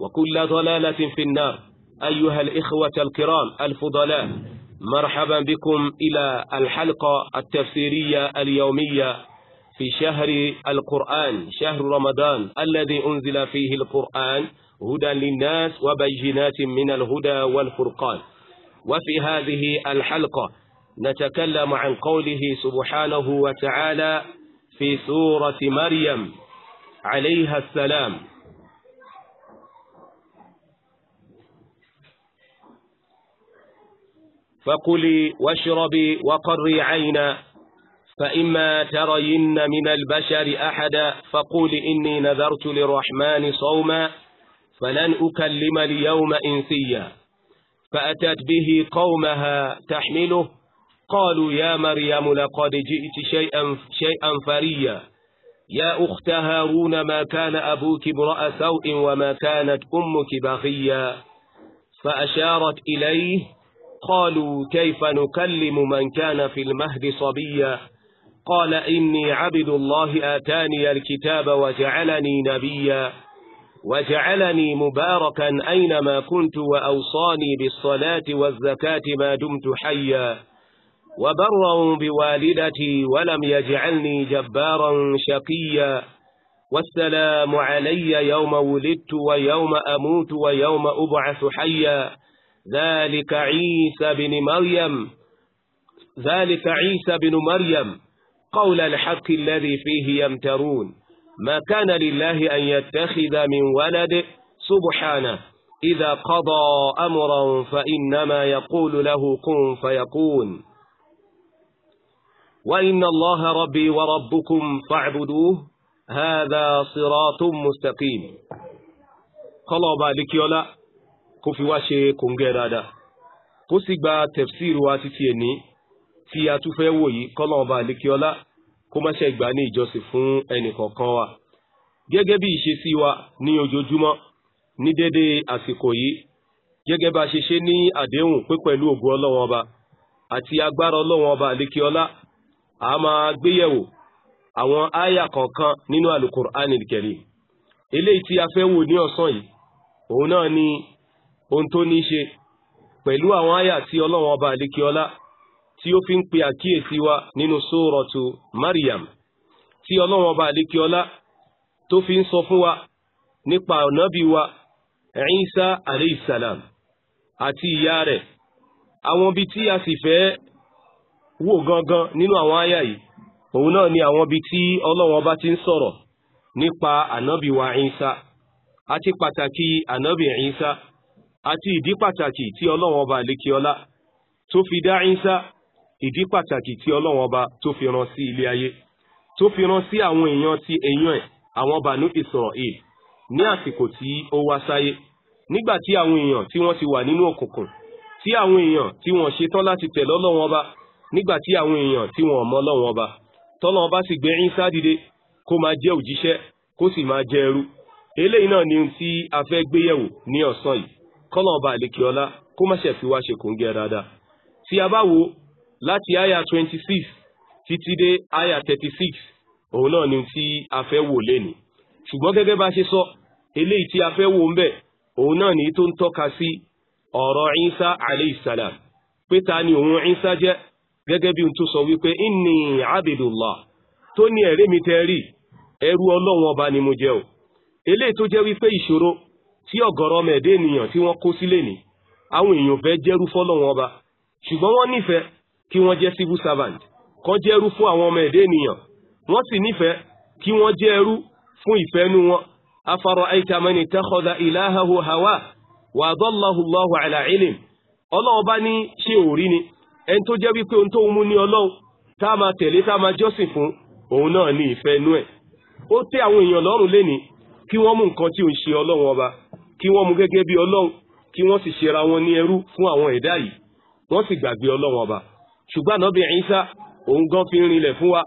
وكل ضلالة في النار أيها الإخوة الكرام الفضلاء مرحبا بكم إلى الحلقة التفسيرية اليومية في شهر القرآن شهر رمضان الذي أنزل فيه القرآن هدى للناس وبينات من الهدى والفرقان وفي هذه الحلقة نتكلم عن قوله سبحانه وتعالى في سورة مريم عليها السلام فكلي واشربي وقري عينا فإما ترين من البشر أحدا فقولي إني نذرت للرحمن صوما فلن أكلم اليوم إنسيا فأتت به قومها تحمله قالوا يا مريم لقد جئت شيئا, شيئا فريا يا أخت هارون ما كان أبوك امرأ سوء وما كانت أمك بغيا فأشارت إليه قالوا كيف نكلم من كان في المهد صبيا قال إني عبد الله آتاني الكتاب وجعلني نبيا وجعلني مباركا أينما كنت وأوصاني بالصلاة والزكاة ما دمت حيا وبرا بوالدتي ولم يجعلني جبارا شقيا والسلام علي يوم ولدت ويوم أموت ويوم أبعث حيا ذلك عيسى بن مريم ذلك عيسى بن مريم قول الحق الذي فيه يمترون ما كان لله أن يتخذ من ولد سبحانه إذا قضى أمرا فإنما يقول له كن فيكون وإن الله ربي وربكم فاعبدوه هذا صراط مستقيم قالوا بالك يولا kó fi wá ṣe kòǹgẹ́ dáadáa kó sì gba tafsir wa títí ẹ̀ní tí a tún fẹ́ wò yìí kọ́lọ̀ ọba àlékiọlá kó má ṣe ní ìjọsìn fún ẹnìkọ̀ọ̀kan wa gẹ́gẹ́ bí ìṣesí wa ní ojoojúmọ́ ní dédé àsìkò yìí gẹ́gẹ́ bá ṣe ṣe ní àdéhùn pé pẹ̀lú ògùn ọlọ́wọ́n ọba àti agbára ọlọ́wọ́n ọba àlékiọlá a máa gbéyẹ̀wò àwọn áyà kọ̀ọ̀kan nínú Al-Qur'anil eléyìí tí a fẹ́ wò ní ọ̀sán yìí òun náà ni ohun tó ní í ṣe pẹ̀lú àwọn àyà tí ọlọ́run ọba àdékíọlá tí ó fi ń pe àkíyèsí wa nínú sóòrọ̀tù Maryam tí ọlọ́run ọba àdékíọlá tó fi ń sọ fún wa nípa ọ̀nàbí wa Isa aleyhisselam àti ìyá rẹ̀ àwọn ibi tí a sì fẹ́ wò gangan nínú àwọn àyà yìí òun náà ni àwọn ibi tí ọlọ́run ọba ti ń sọ̀rọ̀ nípa ànábì wa àti pàtàkì ànábì Isa àti ìdí pàtàkì tí ọlọ́wọ́n ọba lékeọlá tó fi dá Ìsá ìdí pàtàkì tí ọlọ́wọ́n ọba tó fi rán sí ilé ayé tó fi rán sí àwọn èèyàn ti èèyàn ẹ̀ àwọn Banu Israel ní àsìkò tí ó wá sáyé nígbà tí àwọn èèyàn tí wọ́n ti wà nínú òkùnkùn tí àwọn èèyàn tí wọ́n ṣetán láti tẹ̀lé ọlọ́wọ́n ọba nígbà tí àwọn èèyàn tí wọ́n mọ ọlọ́wọ́n ọba tọ́lọ́ ọba sì gbé Ìsá dìde kó máa jẹ́ òjíṣẹ́ kó sì máa jẹ́ ẹrú eléyìí náà ni ohun tí gbéyẹ̀wò ní ọ̀sán yìí kọ́nà ọba àlekíọ́lá kó má ṣe fi wá ṣe kòńgẹ́ dáadáa tí a bá wo láti àyà twenty six títí dé àyà thirty six òun náà ni tí a fẹ́ wò lẹ́nu ṣùgbọ́n gẹ́gẹ́ bá ṣe sọ eléyìí tí a fẹ́ wò ń bẹ̀ òun náà ni tó ń tọ́ka sí ọ̀rọ̀ Isa aleyhisalaam pé ta ni òun Isa jẹ́ gẹ́gẹ́ bí n tó sọ wípé inni abidullah tó ní ẹ̀rí mi tẹ́ rí ẹrú ọlọ́run ọba ni mo jẹ́ o eléyìí tó jẹ́ wípé ìṣòro tí ọ̀gọ̀rọ̀ ọmọ ẹ̀dẹ́ ènìyàn tí wọ́n kó sílẹ̀ ní àwọn èèyàn fẹ́ jẹ́rú fọ́lọ́wọ́n ọba ṣùgbọ́n wọ́n nífẹ̀ẹ́ kí wọ́n jẹ́ civil servant kan jẹ́rú fún àwọn ọmọ ẹ̀dẹ́ ènìyàn wọ́n sì nífẹ̀ẹ́ kí wọ́n jẹ́rú fún ìfẹ́nu wọn afárọ̀ aitamani tẹ́kọ̀dá ìlàhàhù hawa wà dọ́láhùláhù àlàílìm ọlọ́run bá ní ṣé ò rí ni ẹni tó jẹ́ wípé ohun tó ń mú ní ọlọ́run tá a máa tẹ̀lé tá a máa kí wọ́n mú gẹ́gẹ́ bí ọlọ́run kí wọ́n sì ṣera wọn ní ẹrú fún àwọn ẹ̀dá yìí wọ́n sì gbàgbé ọlọ́run ọba ṣùgbọ́n ànábì Ìsá òun gan fi rinlẹ̀ fún wa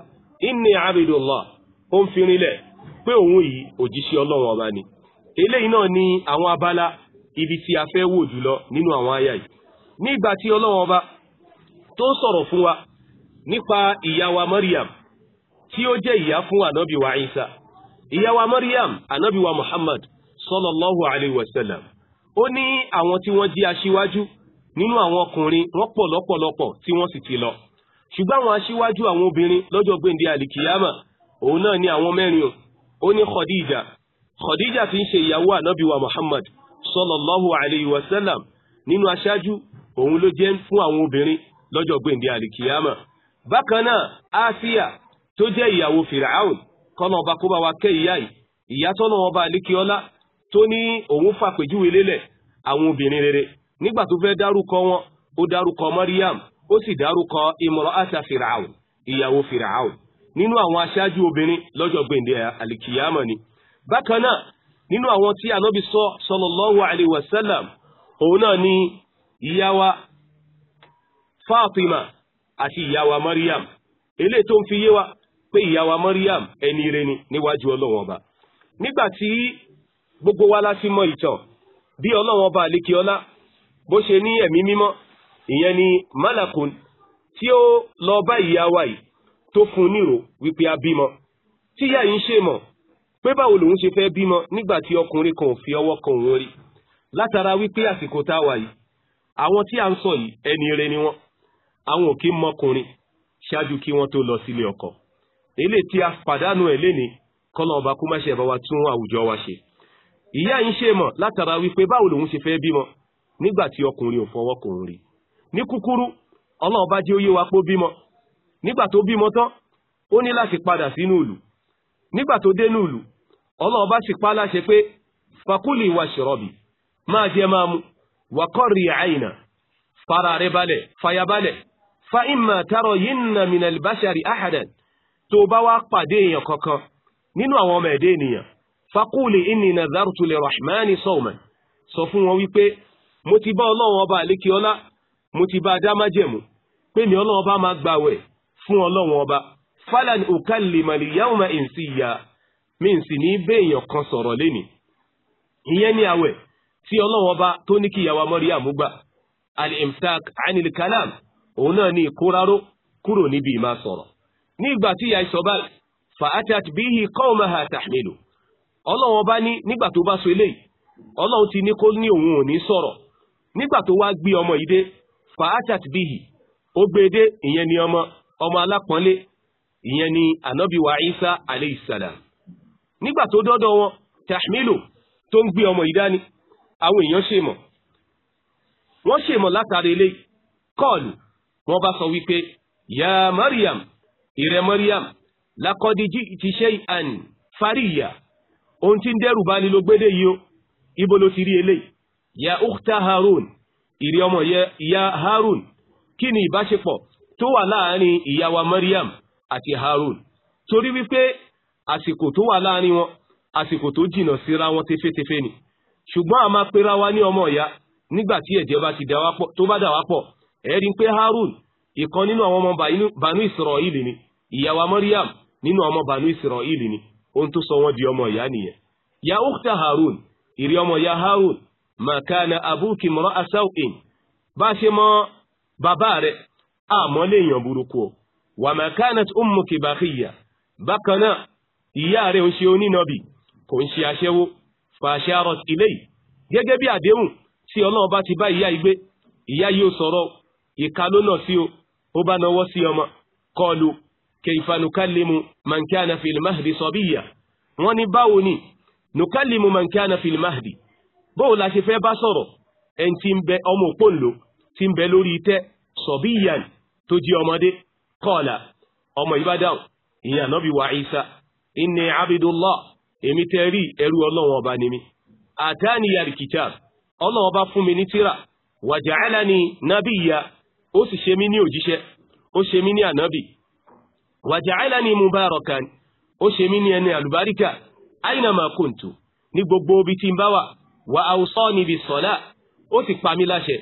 inni abidullah ó ń fi rinlẹ̀ pé òun yìí òjíṣẹ́ ọlọ́run ọba ni eléyìí náà ni àwọn abala ibi tí a fẹ́ wò jùlọ nínú àwọn àyà yìí nígbà tí ọlọ́run ọba tó sọ̀rọ̀ fún wa nípa ìyá wa Maryam tí ó jẹ́ ìyá fún ànábì wa Ìsá ìyá wa Maryam ànábì wa Muhammad sallallahu alayhi wa sallam ó ní àwọn tí wọ́n jí aṣíwájú nínú àwọn ọkùnrin wọ́n pọ̀ lọ́pọ̀lọpọ̀ tí wọ́n sì ti lọ ṣùgbọ́n àwọn aṣíwájú àwọn obìnrin lọ́jọ́ gbèǹde àlìkìyàmà òun náà ni àwọn mẹ́rin ó ní Khadija Khadija tí ń ṣe ìyàwó ànábì Muhammad sallallahu alayhi wa sallam nínú aṣáájú òun ló jẹ́ fún àwọn obìnrin lọ́jọ́ gbèǹde àlìkìyàmà bákan náà Asiya tó jẹ́ ìyàwó Fir'aun kọ́nà ọba kó bá wa kẹ́ ìyá yìí ìyá tọ́nà ọba tó ní òun fàpèjúwe lélẹ̀ àwọn obìnrin rere nígbà tó fẹ́ dárúkọ wọn ó dárúkọ Mariam ó sì dárúkọ imra'ata Fir'aun ìyàwó Fir'aun nínú àwọn aṣáájú obìnrin lọ́jọ́ gbèǹde àlìkìyàmọ̀ ni bákan náà nínú àwọn tí ànábì sọ sallallahu alayhi wa sallam òun náà ni ìyáwa Fatima àti ìyáwa Mariam eléyìí tó ń fi yé wa pé ìyáwa Mariam ẹni ire ni níwájú Ọlọ́run ọba nígbà tí gbogbo wa la ti mọ ìtàn bí ọlọ́run ọba àlékè ọlá bó ṣe ní ẹ̀mí mímọ́ ìyẹn ni malakun tí ó lọ bá ìyá wa yìí tó fún un nírò wípé a bímọ tíyá yìí ń ṣe mọ̀ pé báwo lòun ṣe fẹ́ bímọ nígbà tí ọkùnrin kan ò fi ọwọ́ kan òun rí látara wípé àsìkò tá a wà yìí àwọn tí a ń sọ yìí ẹni ire ni wọ́n àwọn ò kí ń mọkùnrin ṣáájú kí wọ́n tó lọ sílé ọkọ eléyìí tí a pàdánù ẹ̀ lénìí kọ́lọ́ ọba kó má ṣe wa tún àwùjọ wa ṣe ìyá yìí ṣe mọ̀ látara wípé báwo lòun ṣe fẹ́ bímọ nígbà tí ọkùnrin ò fọwọ́ kò ń rí ní kúkúrú ọlọ́run bá jẹ́ ó yé wa pé ó bímọ nígbà tó bímọ tán ó ní láti padà sínú ìlú nígbà tó dé nù ìlú ọlọ́run bá sì pa láṣẹ pé fakúlì washrabi máa jẹ máa mu wàkọ́rì àìnà fara rẹ balẹ̀ fayabalẹ̀ fa imma taro yinna minal bashari ahadan tó bá wá pàdé èèyàn kankan nínú àwọn ọmọ ẹ̀dẹ́ ènìyàn fakúlì inni nazartu lè rahmani sọ́ọ̀mà sọ fún wọn wípé mo ti bá ọlọ́run ọba àlékí ọlá mo ti bá ajá májẹ̀mú pé mi ọlọ́run ọba máa gbàwẹ̀ fún ọlọ́run ọba falan ukallima al-yawma insiya mi n sì ní béèyàn kan sọ̀rọ̀ lénìí ìyẹn ní àwẹ̀ tí ọlọ́run ọba tó ní kí ìyàwó Maryam gbà al anil kalam òun náà ní ìkóraró kúrò níbi ìmá sọ̀rọ̀ ní ìgbà tí ìyá ìsọ̀bá fa atat bihi qawmaha ọlọ́run bá ní nígbà tó bá so eléyìí ọlọ́run ti ní kó ní òun ò ní sọ̀rọ̀ nígbà tó wá gbé ọmọ yìí dé fàáṣàt bíyì ó gbé e dé ìyẹn ni ọmọ ọmọ alápọ̀nlé ìyẹn ni ànábì wa Isa alayhi salam nígbà tó dọ́dọ̀ wọn tahmilu tó ń gbé ọmọ yìí dání àwọn èèyàn ṣe mọ̀ wọ́n ṣe mọ̀ látàrí eléyìí kọ́ọ̀lù wọ́n bá sọ wípé ya Mariam ìrẹ Mariam lakọ́díjì ti ṣe àn fàríyà ohun tí ń dẹ́rù bá ní ló gbédè yìí o ibo ló ti rí eléyìí ya ukhta harun ìrí ọmọ ìyá harun kí ni ìbáṣepọ̀ tó wà láàárín ìyá wa mariam àti harun torí wípé àsìkò tó wà láàárín wọn àsìkò tó jìnnà síra wọn tefétefé ni ṣùgbọ́n a máa pera wa ní ọmọ ìyá nígbà tí ẹ̀jẹ̀ bá ti dà wá pọ̀ ẹ̀rí pé harun ìkan nínú ọmọ bànú Isra'ili ni ìyá mariam nínú ọmọ bànú Isra'ili ni ohun tó sọ wọ́n di ọmọ ìyá nìyẹn ya ukhta harun ìrí ọmọ ya harun ma kana abuki imra'a saw'in bá ṣe mọ bàbá rẹ̀ àmọ́ léèyàn burúkú ọ wa ma kanat ummuki baghiya bákan náà ìyá rẹ̀ ń ṣe onínàbì kò ń ṣe aṣẹ́wó fàṣàrọ̀ ilé gẹ́gẹ́ bí àdéhùn tí ọlọ́run ti bá ìyá igbé ìyá yóò sọ̀rọ̀ ìka ló náà sí o ó bá nawọ́ sí ọmọ kọlu kayfa nukallimu man kana fil mahdi sabiya wọ́n ní báwo ni nukallimu man kana fil mahdi bóò la ṣe fẹ́ bá sọ̀rọ̀ ẹni tí ń bẹ ọmọ òpónlò tí ń bẹ lórí itẹ́ sabiyan tó jẹ́ ọmọdé qala ọmọ ìbádáhùn ìyẹn ànábì wa Isa inni abidullah èmi tẹ́ rí ẹrú ọlọ́run ọba ni mi àdáníyà kitab ọlọ́run ọba fún mi ní tíra wàjàálà ni nábìyà ó sì ṣe mí ní òjíṣẹ́ ó ṣe mí ní ànábì waja'alani mubarakan ó ṣe mí ní ẹni àlùbáríkà aina ma kuntu ní gbogbo ibi tí n bá wà wa awsani bis salat ó sì pa mí láṣẹ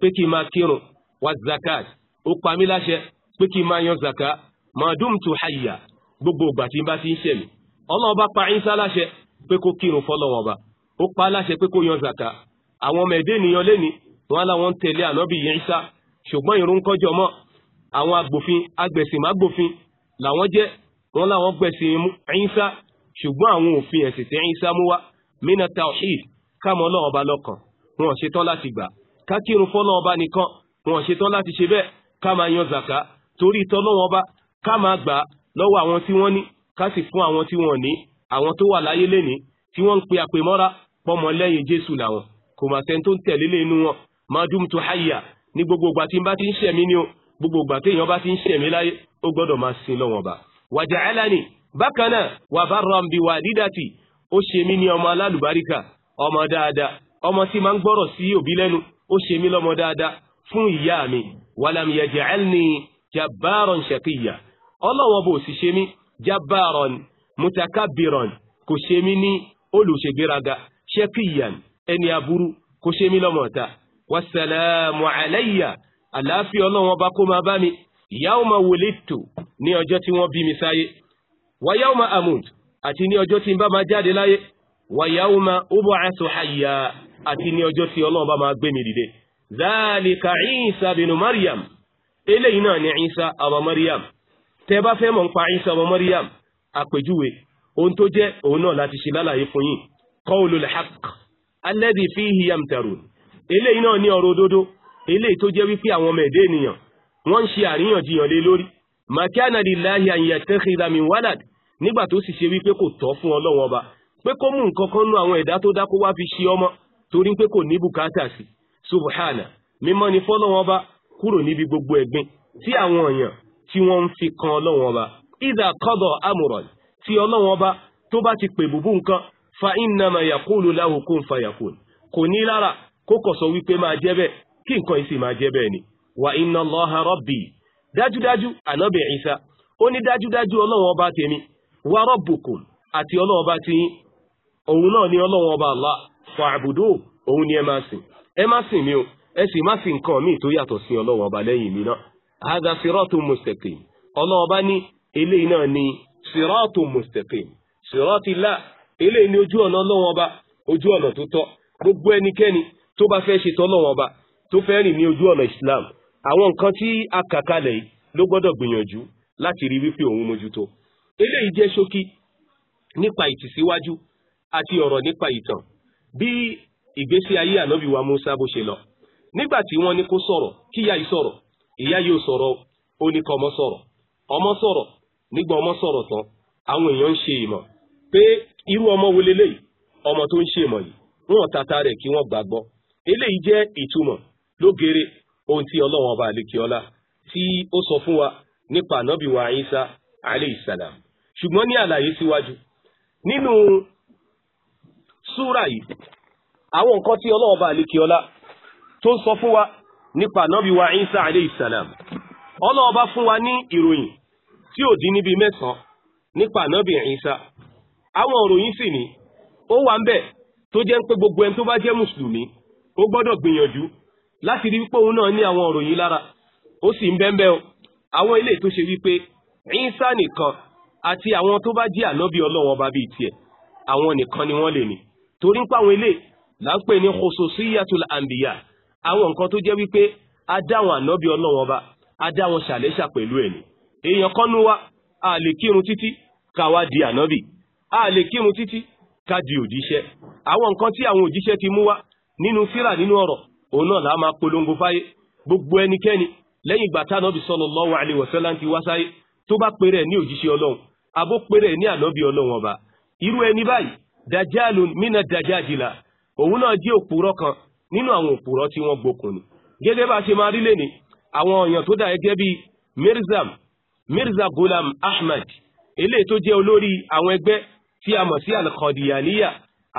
pé kí n máa kírun wa zakat ó pa mí láṣẹ pé kí n máa yan zaka ma dumtu hayya gbogbo ìgbà tí n bá ti ń ṣẹ̀mí ọlọ́run bá pa Ìsá láṣẹ pé kó kírun fọlọ́wọ́n ó pa láṣẹ pé kó yan zaka àwọn ọmọ ẹ̀dẹ́ ènìyàn lẹ́ni wọn láwọn ń tẹ̀lé ànábì Ìsá ṣùgbọ́n ìrún mọ́ àwọn agbòfin agbẹ̀sìnmágbòfin làwọn jẹ́ wọn làwọn gbẹ̀sìn mú ẹ̀yìnsá ṣùgbọ́n àwọn òfin ẹ̀sìn tí ẹ̀yìnsá mú wá mina tawhid kámọ́ náà ọba lọ́kàn wọn ṣetán láti gbà kákírun fọ́nà ọba nìkan wọn ṣetán láti ṣe bẹ́ẹ̀ ká máa yan zàká torí ìtọ́lọ́wọ́n ọba ká máa gbà lọ́wọ́ àwọn tí wọ́n ní ká sì fún àwọn tí wọ́n ní àwọn tó wà láyé lénìí tí wọ́n ń pe àpèmọ́ra pọ́mọ lẹ́yìn Jésù làwọn kò mà sẹ́ni tó ń tẹ̀lé lé inú wọn máa dùn tó háyà ní gbogbo ìgbà tí n bá ti ń ṣẹ̀mí ni o gbogbo ìgbà téèyàn bá ti ń ṣẹ̀mí láyé ó gbọ́dọ̀ máa sin lọ́wọ́n ọba. wàjà'álánì bákan náà wà barran bi wàlídàtì ó ṣe mí ní ọmọ alálùbáríkà ọmọ dáadáa ọmọ tí máa ń gbọ́rọ̀ sí òbí lẹ́nu ó ṣe mí lọ́mọ dáadáa fún ìyá mi wàlám yaj'alni jabbaran shaqiyya ọlọ́wọ́n bò sì ṣe mí jabbaran mutakabbiran kò ṣe mí ní olùṣègbéraga shaqiyyan ẹni aburú kò ṣe mí lọ́mọ ọ̀tá wàsálàmù àlẹ́yà àlàáfíà ọlọ́wọ́n bá kó máa bá mi yawma wulidtu ní ọjọ́ tí wọ́n bí mi sáyé wa yawma amut àti ní ọjọ́ tí n bá máa jáde láyé wa yawma ub'athu hayya àti ní ọjọ́ tí Ọlọ́run bá máa gbé mi dìde zalika Isa binu Maryam eléyìí náà ni Isa ọmọ Maryam tẹ bá fẹ́ mọ̀ nípa Isa ọmọ Maryam àpèjúwe ohun tó jẹ́ òun náà láti ṣe lálàyé fún yín qawlul haqq alladhi fihi yamtarun eléyìí náà ní ọ̀rọ̀ òdodo eléyìí tó jẹ́ wípé àwọn ọmọ ẹ̀dẹ́ wọ́n ń ṣe àríyànjiyàn lé lórí makana lillahi an yattakhidha min walad nígbà tó sì ṣe wípé kò tọ́ fún ọlọ́wọ́n ọba pé kó mú nǹkan kan nú àwọn ẹ̀dá tó dá wá fi ṣe ọmọ torí pé kò ní bùkátà sí subhana mímọ́ ni fọ́lọ́wọ́n ọba kúrò níbi gbogbo ẹ̀gbin tí àwọn èèyàn tí wọ́n ń fi kan ọlọ́wọ́n ọba idha qada amran tí ọlọ́wọ́n ọba tó bá ti pè bùbú nǹkan fa innama yaqulu lahu kun fayakun kò ní lára kó kọ̀ sọ wípé máa jẹ́ bẹ́ẹ̀ kí nǹkan yìí máa jẹ́ bẹ́ẹ̀ ni wa inna allaha rabbi dájúdájú ànábì Ìsá ó ní dájúdájú ọlọ́run ọba tèmi wa rabbukum àti ọlọ́run ọba tí òun náà ni ọlọ́run ọba Allah fa'budu òun ni ẹ máa sìn ẹ má sìn mí o ẹ sì má sìn nǹkan míì tó yàtọ̀ sí ọlọ́run ọba lẹ́yìn mi náà hadha siratun mustaqim ọlọ́run ọba ní eléyìí náà ni siratun mustaqim siratillah eléyìí ni ojú ọ̀nà ọlọ́run ọba ojú ọ̀nà tó tọ́ gbogbo ẹnikẹ́ni tó bá fẹ́ ṣe tọ́lọ́run ọba tó fẹ́ rìn ní ojú ọ̀nà Islam àwọn nǹkan tí a kà kalẹ̀ yìí ló gbọ́dọ̀ gbìyànjú láti rí wípé òun mójútó eléyìí jẹ́ ṣókí nípa ìtìsíwájú àti ọ̀rọ̀ nípa ìtàn bí ìgbésí ayé ànábì wa Musa bó ṣe lọ nígbà tí wọ́n ní kó sọ̀rọ̀ kíyà yìí sọ̀rọ̀ ìyá yóò sọ̀rọ̀ ó ní kọ́ ọmọ sọ̀rọ̀ ọmọ sọ̀rọ̀ nígbà ọmọ sọ̀rọ̀ tán àwọn èèyàn ń ṣe ìmọ̀ pé irú ọmọ wo leléyìí ọmọ tó ń ṣe ìmọ̀ yìí wọ́n tata rẹ̀ kí wọ́n gbàgbọ́ eléyìí jẹ́ ìtumọ̀ lógere ohun tí ọlọ́run ọba àlekíọ́lá tí ó sọ fún wa nípa ànábì wa Ìsá alayhi salam ṣùgbọ́n ní àlàyé síwájú nínú súrà yìí àwọn nǹkan tí ọlọ́run ọba àlekíọ́lá tó ń sọ fún wa nípa ànábì wa Ìsá alayhi salam ọlọ́run ọba fún wa ní ìròyìn tí ò dín níbi mẹ́sàn-án nípa ànábì Ìsá àwọn ìròyìn sì ni ó wà ń bẹ̀ tó jẹ́ ń pé gbogbo ẹni tó bá jẹ́ mùsùlùmí ó gbọ́dọ̀ gbìyànjú láti rí wípé òun náà ní àwọn ọ̀rọ̀ yìí lára ó sì ń bẹ́ẹ̀ bẹ́ẹ̀ o àwọn ilé tó ṣe wípé ìsá nìkan àti àwọn tó bá jẹ́ ànábì ọlọ́wọ́n bá bíi tiẹ̀ àwọn nìkan ni wọ́n lè ní torí ń pa àwọn ilé là ń pè ní khususiyatul anbiya àwọn nǹkan tó jẹ́ wípé a dá àwọn ànábì ọlọ́wọ́n bá a dá wọn ṣàlẹ́ṣà pẹ̀lú ẹ̀ ní èèyàn kọ́nú wa a lè kírun títí ká wá di ànábì a lè kírun títí ká di òjíṣẹ́ àwọn nǹkan tí àwọn òjíṣẹ́ ti mú wá nínú síra nínú ọ̀rọ̀ òun náà làá máa polongo fáyé gbogbo ẹnikẹ́ni lẹ́yìn ìgbà tá ànábì sallallahu alaihi wasallam ti wá sáyé tó bá pèrè ní òjíṣẹ́ ọlọ́run abó pèrè ní ànábì ọlọ́run ọba irú ẹni báyìí dajalun mina dajajila òun náà jẹ́ òpùrọ́ kan nínú àwọn òpùrọ́ tí wọ́n gbókun ni gẹ́gẹ́ bá a ṣe máa rí lẹ́ni àwọn èèyàn tó dà gẹ́gẹ́ bíi mirza gulam ahmed eléyìí tó jẹ́ olórí àwọn ẹgbẹ́ tí a mọ̀ sí alkọ̀dìyàníyà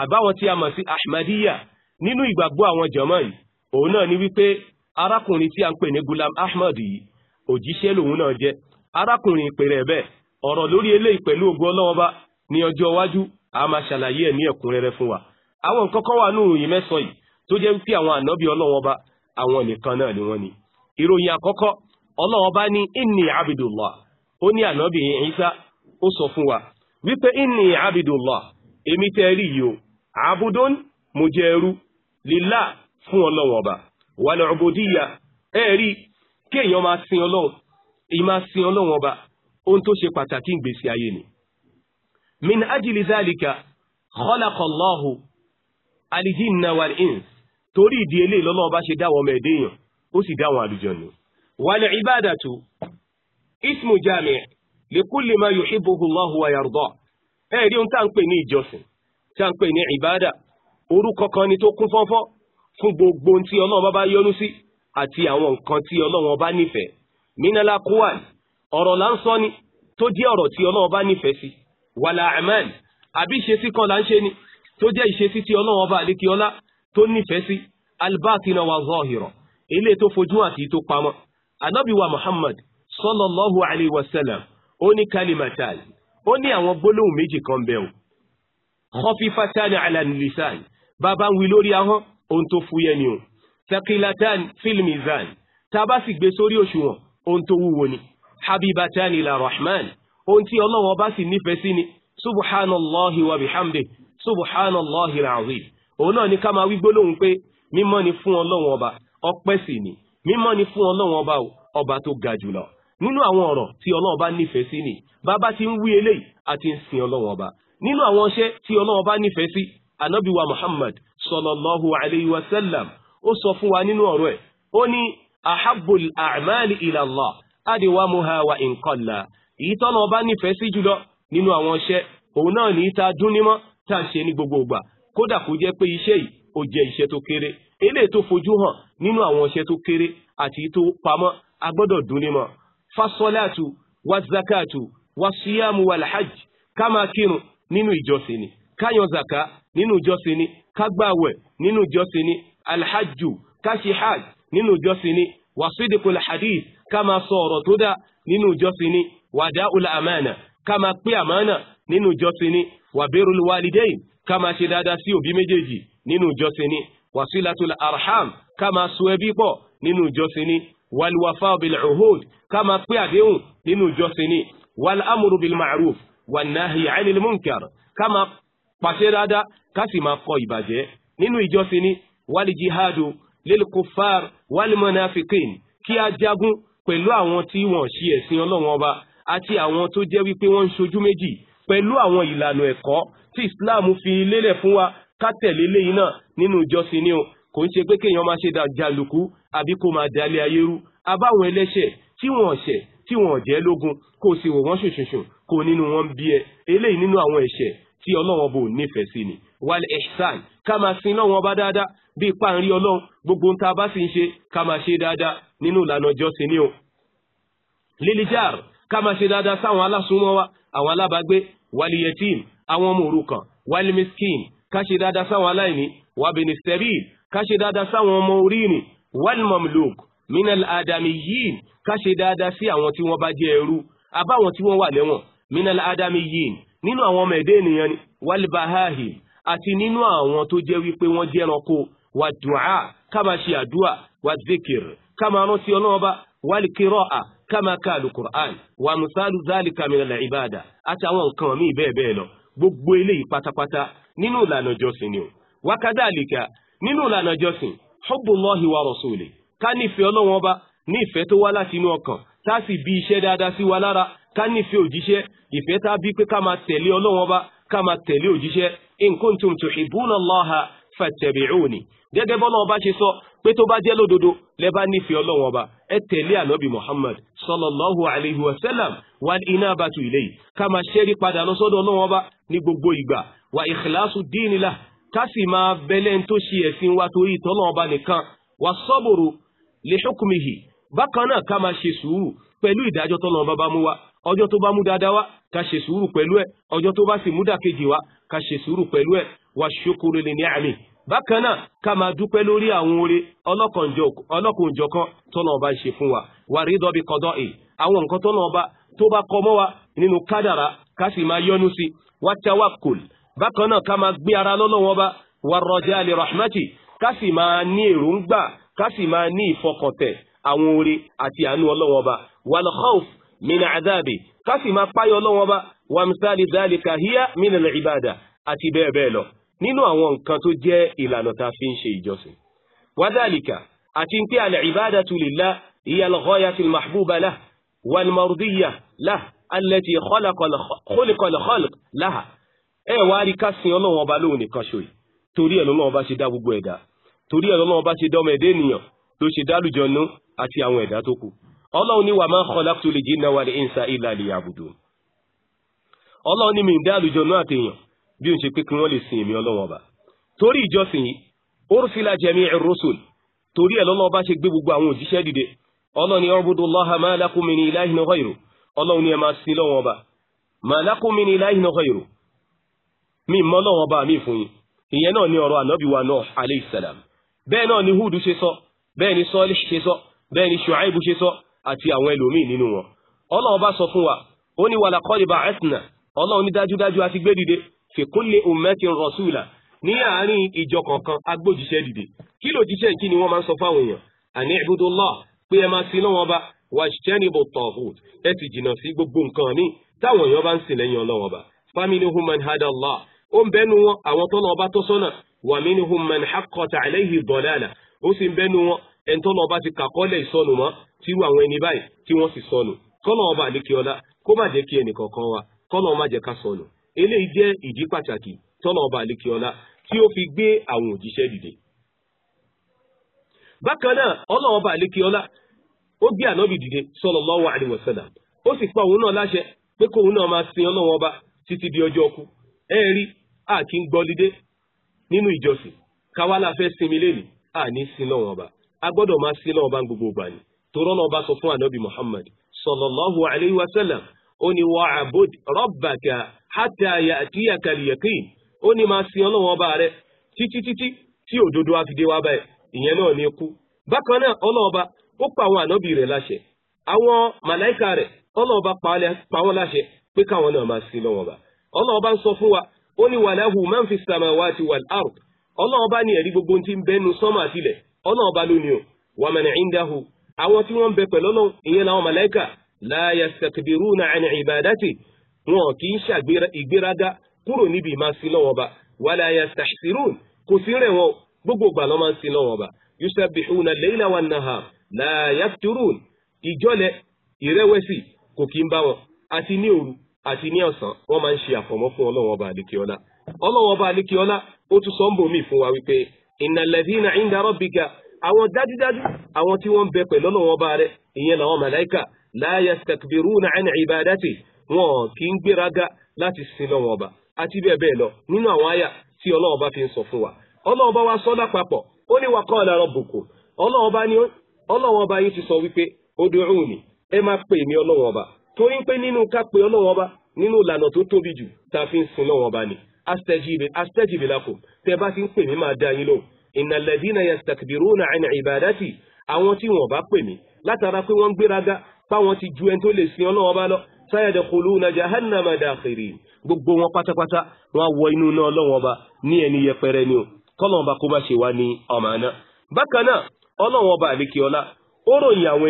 àbáwọn òun náà ni wípé arákùnrin tí a ń pè ní Gulam Ahmad yìí òjíṣẹ́ lòun náà jẹ́ arákùnrin ìpèrè bẹ́ẹ̀ ọ̀rọ̀ lórí eléyìí pẹ̀lú ògo ọlọ́wọ́ba ní ọjọ́ iwájú a máa ṣàlàyé ẹ̀ ní ẹ̀kúnrẹ́rẹ́ fún wa àwọn nǹkan kan wà ní ìròyìn mẹ́sàn yìí tó jẹ́ àwọn ànábì ni wọ́n fún ọlọ́run ọba wàlẹ̀ ọ̀bọ̀díyà ẹ rí kéèyàn máa sin ọlọ́run èyí máa sin ọlọ́run ọba ohun tó ṣe pàtàkì ìgbésí ayé ni. min ajili zalika khalaqallahu alijinna wal ins torí ìdí eléyìí lọ́lọ́run ọba ṣe dáwọ́ ọmọ ẹ̀dẹ́ èèyàn ó sì dáwọ́ àlùjọ̀nù. wàlẹ̀ ìbádàtú ismu jami likulli ma yuhibbuhu Allahu wa yarda ẹ rí ohun tá à ń pè ní ìjọsìn tá à ń pè ní ìbádà orúkọ kan ni tó kún fọ́nfọ́n fún gbogbo tí ọlọ́run bá bá yọ́nú sí àti àwọn nǹkan tí ọlọ́run bá nífẹ̀ẹ́ mínálá kúwàn ọ̀rọ̀ là ń sọ ni tó jẹ́ ọ̀rọ̀ tí ọlọ́run bá nífẹ̀ẹ́ sí wàlà àmán àbí ìṣesí kan là ń ṣe ni tó jẹ́ ìṣesí tí ọlọ́run bá àlékí ọlá tó nífẹ̀ẹ́ sí albáàtìnà wa zọ́ọ̀hìrọ̀ ilé tó fojú àti tó pamọ́ anábì muhammad sallallahu alayhi wa sallam ó ní kalimatan ó ní àwọn gbólóhùn méjì kan bẹ́ẹ̀ o kọfífátánì alanilisani bàbá ń lórí ahọ́n ohun tó fúyẹ́ ni o sakilatan fil mizan tá a bá sì gbé sórí òṣùwọ̀n ohun tó wúwo ni habibatan ila rahman ohun tí ọlọ́wọ́ bá sì nífẹ̀ẹ́ sí ni subhanallahi wa bihamdi subhanallahi alazim òun náà ni ká máa wí gbólóhùn pé mímọ́ ni fún ọlọ́wọ́n ọba ọpẹ́ sì ni mímọ́ ni fún ọlọ́wọ́n ọba ọba tó ga jùlọ nínú àwọn ọ̀rọ̀ tí ọlọ́wọ́n ọba nífẹ̀ẹ́ sí ni bàbá ti ń wí eléyìí àti ń sin ọlọ́wọ́n ọba nínú àwọn iṣẹ́ tí ọlọ́wọ́n ọba nífẹ̀ẹ́ sí anabi wa muhammad sallallahu alayhi wa sallam ó sọ fún wa nínú ọ̀rọ̀ ẹ̀ ó ní ahabul a'mali ila Allah adiwamuha wa in qalla èyí tọ́nà ọba nífẹ̀ẹ́ sí jùlọ nínú àwọn iṣẹ́ òun náà ní ta dún nímọ́ tá a ṣe ní gbogbo ìgbà kódà kó jẹ́ pé iṣẹ́ yìí ó jẹ́ iṣẹ́ tó kéré eléyìí tó fojú hàn nínú àwọn iṣẹ́ tó kéré àti tó pamọ́ a gbọ́dọ̀ dún nímọ́ fasọ́láàtù wazakatu wasiyamu walhajj ká máa nínú ìjọsìn ni káyọ̀ zaka nínú ìjọsìn ni kágbàwẹ̀ nínú ìjọsìn ni alhajju káṣí hajj nínú ìjọsìn ni wàsídìkul hadith ká máa sọ ọ̀rọ̀ tó dáa nínú ìjọsìn ni wàdá ul amana ká máa pé àmánà nínú ìjọsìn ni wàbírul walidain ká máa ṣe dáadáa sí òbí méjèèjì nínú ìjọsìn ni wàsílatul arham ká máa so ẹbí pọ̀ nínú ìjọsìn ni wàlúwàfà bil uhud ká máa pé àdéhùn nínú ìjọsìn ni wàlámùrù bil ma'ruf wànáhì anil munkar ká máa pàṣẹ dáadáa ká sì máa kọ ìbàjẹ́ nínú ìjọsìn ni wálé jihadu lil kufar wálé mọ́nàfikín kí a jagun pẹ̀lú àwọn tí wọ́n ṣe ẹ̀sìn ọlọ́run ọba àti àwọn tó jẹ́ wípé wọ́n ń ṣojú méjì pẹ̀lú àwọn ìlànà ẹ̀kọ́ tí islam fi lélẹ̀ fún wa ká tẹ̀lé lẹ́yìn náà nínú ìjọsìn ni o kò ń ṣe pé kéèyàn máa ṣe jàlùkú àbí kó máa dalẹ̀ ayé rú abáwọn ẹlẹ́ṣẹ̀ tí wọ́n ṣẹ̀ tí wọ́n jẹ́ lógun kó o sì wò wọ́n ṣùṣùṣù kó nínú wọn bí ẹ eléyìí nínú àwọn ẹ̀ṣẹ̀ tí ọlọ́wọ́n bò nífẹ̀ẹ́ sí ni wal ihsan ká máa sin lọ́wọ́n bá dáadáa bí ipá ń rí ọlọ́run gbogbo ń ta bá sì ń ṣe ká máa ṣe dáadáa nínú ìlànà ìjọsìn ni o. lilijar ká máa ṣe dáadáa sáwọn alásùnmọ́ wa àwọn alábàágbé wal yetim àwọn ọmọ òrukàn wal miskin ká ṣe dáadáa sáwọn aláìní wabini sabil ká ṣe dáadáa sáwọn ọmọ orí ìrìn nínú àwọn ọmọ ẹ̀dẹ́ ènìyàn ni walibahahi àti nínú àwọn tó jẹ́ wípé wọ́n jẹ́ ẹranko wà dùá káma ṣe àdúà wà zikir káma rántí ọlọ́ọ̀ba walikiroa káma ka alukur'an wà musalu zalika minal ibada àti àwọn nǹkan míì bẹ́ẹ̀ bẹ́ẹ̀ lọ gbogbo eléyìí pátápátá nínú ìlànà ìjọsìn ni o wakadalika nínú ìlànà ìjọsìn hubbullahi wa rasuli ká nífẹ̀ẹ́ ọlọ́wọ́n ọba ní tó wá láti inú ọkàn tá bí iṣẹ́ dáadáa sí wa lára ká nífẹ̀ẹ́ òjíṣẹ́ ìfẹ́ tá a bí pé ká máa tẹ̀lé ọlọ́wọ́n bá ká máa tẹ̀lé òjíṣẹ́ in kuntum tuhibbuna Allaha fattabi'uni gẹ́gẹ́ bọ́lá ọba ṣe sọ pé tó bá jẹ́ lódodo lẹ́bá nífẹ̀ẹ́ ọlọ́wọ́n ọba ẹ tẹ̀lé ànábì Muhammad sallallahu alayhi wa sallam wal inabatu ilayhi ká máa ṣẹ́rí padà lọ sọ́dọ̀ ọlọ́wọ́n ọba ní gbogbo ìgbà wa ikhlasu dini ká sì máa bẹ́lẹ́ tó ṣe ẹ̀sìn wa torí ìtọ́lọ́wọ́n ọba nìkan wa sabru li hukmihi bákan náà ká máa ṣe sùúrù pẹ̀lú ìdájọ́ tọ́nà bá bá mú wa ọjọ́ tó bá mú dáadáa wá ká ṣe sùúrù pẹ̀lú ẹ̀ ọjọ́ tó bá sì mú dàkejì wá ká ṣe sùúrù pẹ̀lú ẹ̀ wà ṣukuru lè ní àmì bákan náà ká máa dúpẹ́ lórí àwọn oore ọlọ́kùnjọ̀kan tọ́nà ọba ń ṣe fún wa wà rí dọ́bi kọ́dọ̀ ẹ̀ àwọn nǹkan tọ́nà ọba tó bá kọ mọ́ wa nínú kádàrá ká sì máa yọ́nú sí wá tawakkul bákan náà ká máa gbé rahmati ká sì máa ní èròǹgbà ká sì máa ní ìfọkàntẹ̀ wal khawf min àdáàbì ká sì máa páyọ lọ́wọ́ bá wàmísàlì dhalika hiya min al-ibada àti bẹ́ẹ̀ bẹ́ẹ̀ lọ nínú àwọn nǹkan tó jẹ́ ìlànà tá a fi ń ṣe ìjọsìn. wàdálìkà àti pé al-ibadatu lillah hiya al-ghayatu al-mahbuba lah wal-mardiyya lah allati khuliqa al-khalq laha ẹ wá rí ká sin ọlọ́run ọba lóhun nìkan ṣoyì torí ẹ̀ lọ́lọ́run ọba ṣe dá gbogbo ẹ̀dá torí ẹ̀ lọ́lọ́run ọba ṣe dá ọmọ ẹ̀dá ènìyàn ló ṣe dá àlùjọ̀nnú àti àwọn ẹ̀dá tó kù ọlọ́run ní wà máa khalaqtu lil jinna wal insa illa liya'budun ọlọ́run ní mi dá àlùjọ náà àtẹ̀yàn bí o ṣe pé kí wọ́n lè sin èmi ọlọ́run ọba torí ìjọsìn yìí ursila jami'ir rusul torí ẹ̀ lọ́lọ́ ọba ṣe gbé gbogbo àwọn òjíṣẹ́ dìde ọlọ́run ní u'budullaha ma lakum min ní ẹ máa sin ni ọ̀rọ̀ ànábì wa ṣe sọ bẹ́ẹ̀ ni ṣe sọ àti àwọn ẹlòmíì nínú wọn ọlọ́run bá sọ fún wa ó ní walaqad ba'athna ọlọ́run ní dájúdájú àti gbé dìde fi kulli ummatin rasula ní àárín ìjọ kọ̀ọ̀kan agbójíṣẹ́ dìde kí ló jíṣẹ́ kí ni wọ́n máa ń sọ fáwọn èèyàn àní ibudullah pé ẹ máa sin lọ́wọ́ ọba wajtanibu taghut ẹ ti jìnnà sí gbogbo nǹkan míì táwọn èèyàn bá ń sìn lẹ́yìn ọlọ́wọ́ ẹni tó lọ́ọ́ ti kàkọ́lẹ̀ ìsọnù mọ́ tírú àwọn ẹni báyìí tí wọ́n sì sọnù kọ́nà ọba àdékè kó má jẹ́ kí ẹnì kankan wa kọ́nà jẹ́ ká sọnù eléyìí jẹ́ ìdí pàtàkì tọ́nà ọba tí ó fi gbé àwọn òjíṣẹ́ dìde. bákan náà ọ̀nà ọba ó gbé ànábì dìde sallallahu ó sì a ma máa sí lọ́wọ́ bá ń gbogbo ìgbà ni sọ Muhammad sallallahu alayhi wa sallam ó ní wà àbòd rabbaka hatta ya'tiyaka al-yaqin ó ní máa sí ọlọ́wọ́n rẹ títí titi tí òdodo á fi dé wá báyìí ìyẹn náà ní bákan náà ó pa àwọn láṣẹ àwọn pa láṣẹ pé káwọn náà ń sọ fún wal ọlọ́ọ̀ba ní ẹ̀rí gbogbo tí ń ọlọ́run ọba lónìí o wa man indahu àwọn tí wọ́n ń bẹ pẹ̀lú ọlọ́run ìyẹn làwọn màláìkà la yastakbiruna an ibadati wọn kì í ṣàgbéraga kúrò níbi ìmásí lọ́wọ́n ba wala kò sí rẹ̀ wọn gbogbo ìgbà máa ń ba la ìrẹ́wẹ̀sì kò kí ń bá wọn àti inna ìndà na àwọn dájúdájú àwọn tí wọ́n ń bẹ pẹ̀lú ọlọ́wọ́n bá rẹ̀ ìyẹn làwọn màláìkà láyà wọn kì í gbéraga láti sin lọ́wọ́n ọba àti bẹ́ẹ̀ bẹ́ẹ̀ lọ nínú fi ń sọ fún wa ọlọ́wọ́n bá wa sọ lápapọ̀ ó ní waqala rabbukum ọlọ́wọ́n ti sọ wípé ud'uni ẹ máa pè mí ọlọ́wọ́n fi ń sin ni astajib lakum tẹ́ bá ti ń pè mí máa dá yín lóhùn innal ladina yastakbiruna an ibadati àwọn tí wọ́n bá pè mí látara pé wọ́n ń gbéraga páwọn ti ju ẹni tó lè sin ọlọ́wọ́ bá lọ sayadkhuluna jahannama dakhirin gbogbo wọn pátápátá wọn wọ inú náà ọlọ́wọ́ bá ní ẹni yẹpẹrẹ ni o kọ́lọ́wọ́n bá kó bá ṣe wá ní ọmọ àná bákan náà ọlọ́wọ́n bá àlékè ó ròyìn àwọn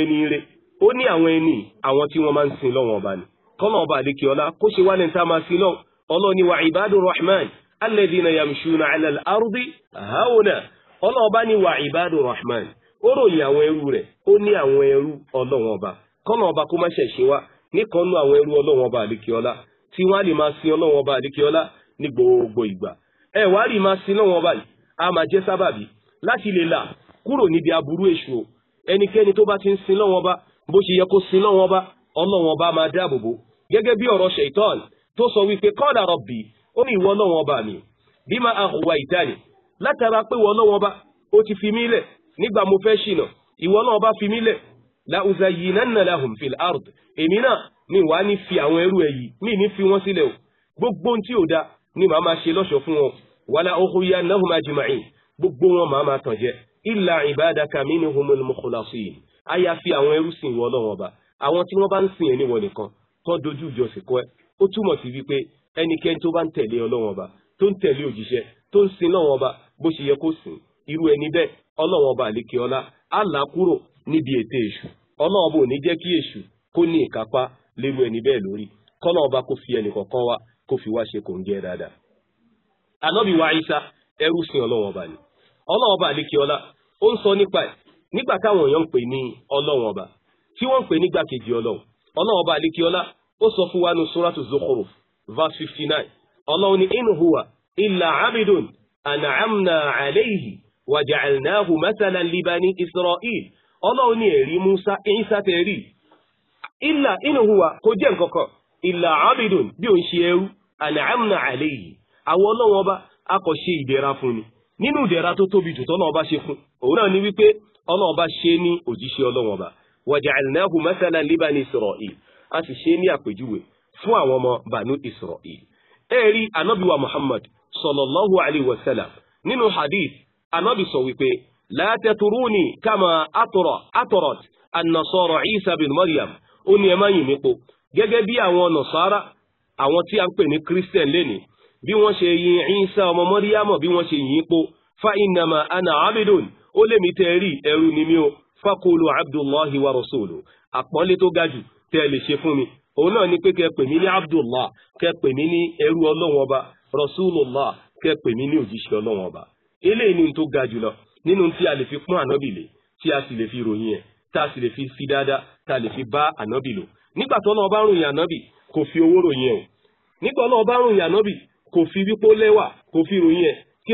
ẹni ọlọ́ni wà ìbádùn rahman alẹ́dínà yamṣúna alàlárùdí haúnà ọlọ́ọ̀bá ni wà ìbádùn rahman ó ròyìn àwọn ẹrú rẹ̀ ó ní àwọn ẹrú ọlọ́wọ́n ọba kọ́nà ọba kó má ṣẹ̀ṣẹ̀ wá níkanú àwọn ẹrú ọba àdékíọ́lá tí wọ́n á lè máa sin ọba àdékíọ́lá ní gbogbo ìgbà ẹ wàá lè máa sin a o ti sin lọ́wọ́n ọba bó ṣe yẹ kó sin tó sọ wípé qala rabbi ó ní ìwọ náà wọn bá mi bima aghwaytani látara pé ìwọ náà wọn bá ó ti fi mí lẹ̀ nígbà mo fẹ́ ṣìnà ìwọ náà bá fi mí lẹ̀ la uzayyinanna lahum fil ard èmi náà mi wàá ní fi àwọn ẹrú ẹ yìí mi ní fi wọ́n sílẹ̀ o gbogbo ohun tí ò da ni màá máa ṣe lọ́ṣọ̀ fún wọn wàlá ughwiyannahum ajma'in gbogbo wọn màá máa tàn jẹ illa ibadaka minhumul mukhlasin àyàfi àwọn ẹrú sìn wọn lọ́wọ́ ọba àwọn tí wọ́n bá ń sìn ẹ̀ níwọ̀n nìkan tó dojú ìjọsìn kọ́ ẹ ó túmọ̀ sí wípé ẹnikẹ́ni tó bá ń tẹ̀lé ọlọ́run ọba tó ń tẹ̀lé òjíṣẹ́ tó ń sin náà ọba bó ṣe yẹ kó sìn irú ẹni bẹ́ẹ̀ ọlọ́run ọba àlékè ọlá á là á kúrò níbi ète èṣù ọlọ́run ọba ò ní jẹ́ kí èṣù kó ní ìkápá lérú ẹni bẹ́ẹ̀ lórí kọ́nà ọba kó fi ẹnìkọ̀ọ̀kan wa kó fi wá ṣe kò ń gẹ́ dáadáa. ni ọlọ́run ọba àlékè ọlá ó ń sọ nípa ẹ̀ nígbà táwọn èèyàn ń ó sọ fún wa nu suratu zukhruf verse fifty nine ọlọ́run ní in huwa illa abidun an'amna alayhi wa ja'alnahu masalan li bani isra'il ọlọ́run ní ẹ̀rí musa ìyínsá tẹ̀ rí illa in huwa kò jẹ́ nkankan illa abidun bí o ń ṣe ẹrú an'amna alayhi àwọn ọlọ́run ọba a kò ṣe ìdẹ̀ra fún ni nínú ìdẹ̀ra tó tóbi jù tọ́lọ́ ọba ṣe fún òun náà ni wípé ọlọ́run ọba ṣe ní òjíṣẹ́ ọlọ́run ọba wa ja'alnahu masalan li bani a sì ṣe ní àpèjúwe fún àwọn ọmọ banu israel ẹ̀rí anabiwa muhammad sallallahu alayhi wa sallam nínú hadith anabi sọ wípé la tatruni kama atọrọ atọrọt anasọrọ isa bin maryam ó ní ẹ má yìn mí po gẹ́gẹ́ bí àwọn nasara àwọn tí a ń pè ní christian lẹ́ni bí wọ́n ṣe yin isa ọmọ mọ́ríyámọ̀ bí wọ́n ṣe yìn po fa innama ana abidun ó lè mi tẹ́ rí ẹrú ni mí o fakulu abdullahi wa rasulu àpọ́nlé tó ga jù tẹ́ ẹ lè ṣe fún mi òun náà ni pé kẹ́ pè mí ní abdullah kẹ́ pè mí ní ẹrú ọlọ́wọ́n ọba rasulullah kẹ́ pè mí ní òjíṣẹ́ ọlọ́wọ́n ọba eléyìí ni tó ga jùlọ nínú tí a lè fi pọ́n ànábì lè tí a sì lè fi ròyìn ẹ̀ tá a sì lè fi sí dáadáa tá a lè fi bá ànábì lò nígbà tó náà bá ròyìn ànábì kò fi owó ròyìn ẹ̀ o nígbà náà bá ròyìn ànábì kò fi wípó lẹ́wà kò fi ròyìn ẹ̀ kí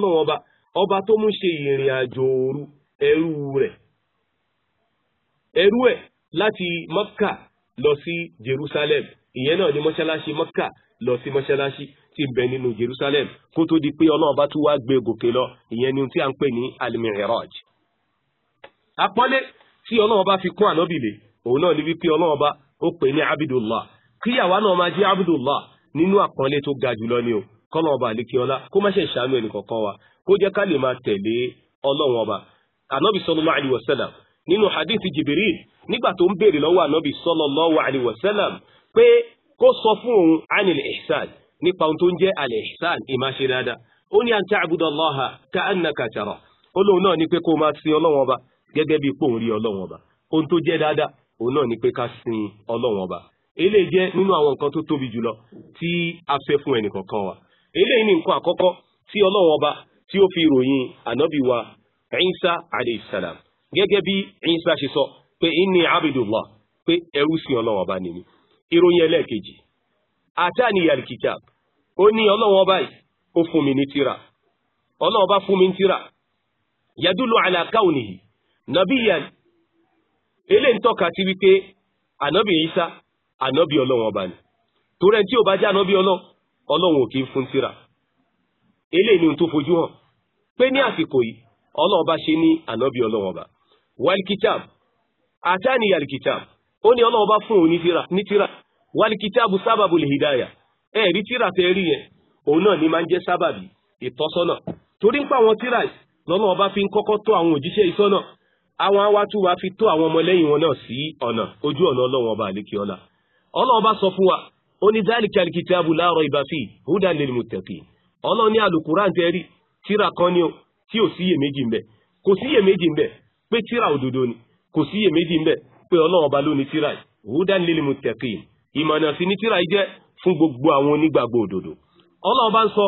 lọ́nà bá ọba tó mú ṣe ìrìn àjò òru ẹrú rẹ̀ ẹrú ẹ̀ láti Mọ́kà lọ sí Jerusalem ìyẹn náà ni mọ́ṣáláṣí Mọ́kà lọ sí mọ́ṣáláṣí tí bẹ nínú Jerusalem kó tó di pé ọlọ́ọ̀bá tún wá gbé gòkè lọ ìyẹn ni tí a ń pè ní Al-Mi'raj àpọ́nlé tí ọlọ́ọ̀bá fi kún ànábìlẹ̀ òun náà ni wípé ọlọ́ọ̀bá ó pè ní Abdullah kíyàwá náà máa jẹ́ Abdullah nínú àpọ́nlé tó ga jùlọ ni o kọ́nà ọba àlékè ọlá kó má ṣe ṣàánú ẹnì kọ̀ọ̀kan wa kó jẹ́ ká lè máa tẹ̀lé ọlọ́run ọba anabi sallallahu alaihi wasallam nínú hadithi jibril nígbà tó ń béèrè lọ́wọ́ anabi sallallahu alaihi wasallam pé kó sọ fún òun anil ihsan nípa ohun tó ń jẹ́ al ihsan ìmáṣe dáadáa ó ní an ta'budallaha ka'annaka tara olóhùn náà ni pé kó máa sin ọlọ́run ká sin ọlọ́run ọba nínú àwọn nǹkan tó tóbi jùlọ tí a fẹ́ fún ẹnì kọ̀ọ̀kan wa eléyìí ni nǹkan àkọ́kọ́ tí ọlọ́run ọba tí ó fi ròyìn ànábì wa Isa alayhi salam gẹ́gẹ́ bí Isa ṣe sọ pé abidullah pé ẹrú sí ọlọ́run ọba nìyí ìròyìn ẹlẹ́ẹ̀kejì àtàníyàn kitab ó ní ọlọ́run ọba yìí fún mi ní tira ọlọ́run ọba fún mi ní yadulu ala kaunihi nabiyan eléyìí tọ́ka sí wípé ànábì Isa ànábì ọlọ́run ọba ni torí ẹni tí ọlọ́run ò kí ń fún tírà eléyìí ni ohun tó fojú hàn pé ní àsìkò yìí ọlọ́run ṣe ní ànábì ọlọ́ọba ọba àtàní alikitab ó ní ọlọ́run fún òun ní tírà walikitab sábàbù lè hidaya ẹ rí tẹ rí yẹn òun náà ni máa ń jẹ́ sábàbí ìtọ́sọ́nà torí ń àwọn fi ń tó àwọn òjíṣẹ́ ó ní dhalika al-kitabu la rayba fihi hudan lil-muttaqin ọlọ́run ní alukuran tẹ́rí tíra kan ni ó tí ò síyèméjì ń bẹ kò síyèméjì ń bẹ pé tíra òdodo ni kò síyèméjì ń bẹ pé ọlọ́run ọba ló ní tíra yìí hudan lil-muttaqin ìmọ̀nà sí ní tíra yìí jẹ́ fún gbogbo àwọn onígbàgbọ́ òdodo ọlọ́run bá ń sọ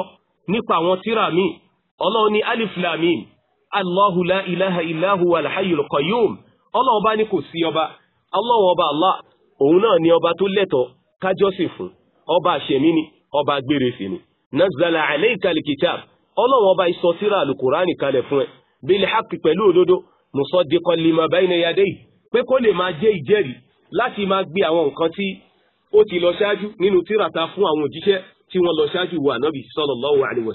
nípa àwọn tíra míì ọlọ́run ní alif lam mim allahu la ilaha illa huwa al-hayyul qayyum ọlọ́run bá ní kò sí ọba ọlọ́run ọba allah òun náà ni ọba tó lẹ́tọ̀ọ́ kájọ́sìn fún ọba àṣẹmí ni ọba agbére sí ni nazala alayka alkitab ọlọ́run ọba ìsọ síra alukurani kalẹ̀ fún ẹ bil haqq pẹ̀lú òdodo musaddiqan lima bayna yadayhi pé kó lè máa jẹ́ ìjẹ́rìí láti máa gbé àwọn nǹkan tí ó ti lọ ṣáájú nínú tírata fún àwọn òjíṣẹ́ tí wọ́n lọ ṣáájú wa nabi sallallahu alayhi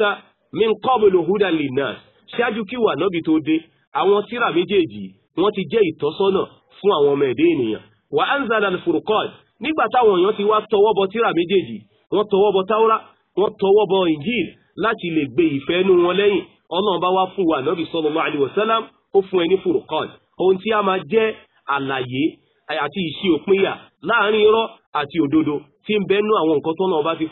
wa min qablu hudan linnas ṣáájú kí wà nábì tó dé àwọn tíra méjèèjì wọ́n ti jẹ́ ìtọ́sọ́nà fún àwọn ọmọ ẹ̀dẹ́ ènìyàn wa anzala al-furqan nígbà táwọn èèyàn ti wá tọwọ́ bọ tíra méjèèjì wọ́n tọwọ́ bọ táwọ́rá wọ́n tọwọ́ bọ injil láti lè gbé ìfẹ́ inú wọn lẹ́yìn ọlọ́run wá fún wa nábì sallallahu alaihi wasallam ó fún ẹni furqan ohun tí a máa jẹ́ àlàyé àti ìṣe òpinya láàrin irọ́ àti òdodo tí ń bẹ́nu àwọn nǹkan tọ́nà ọba ti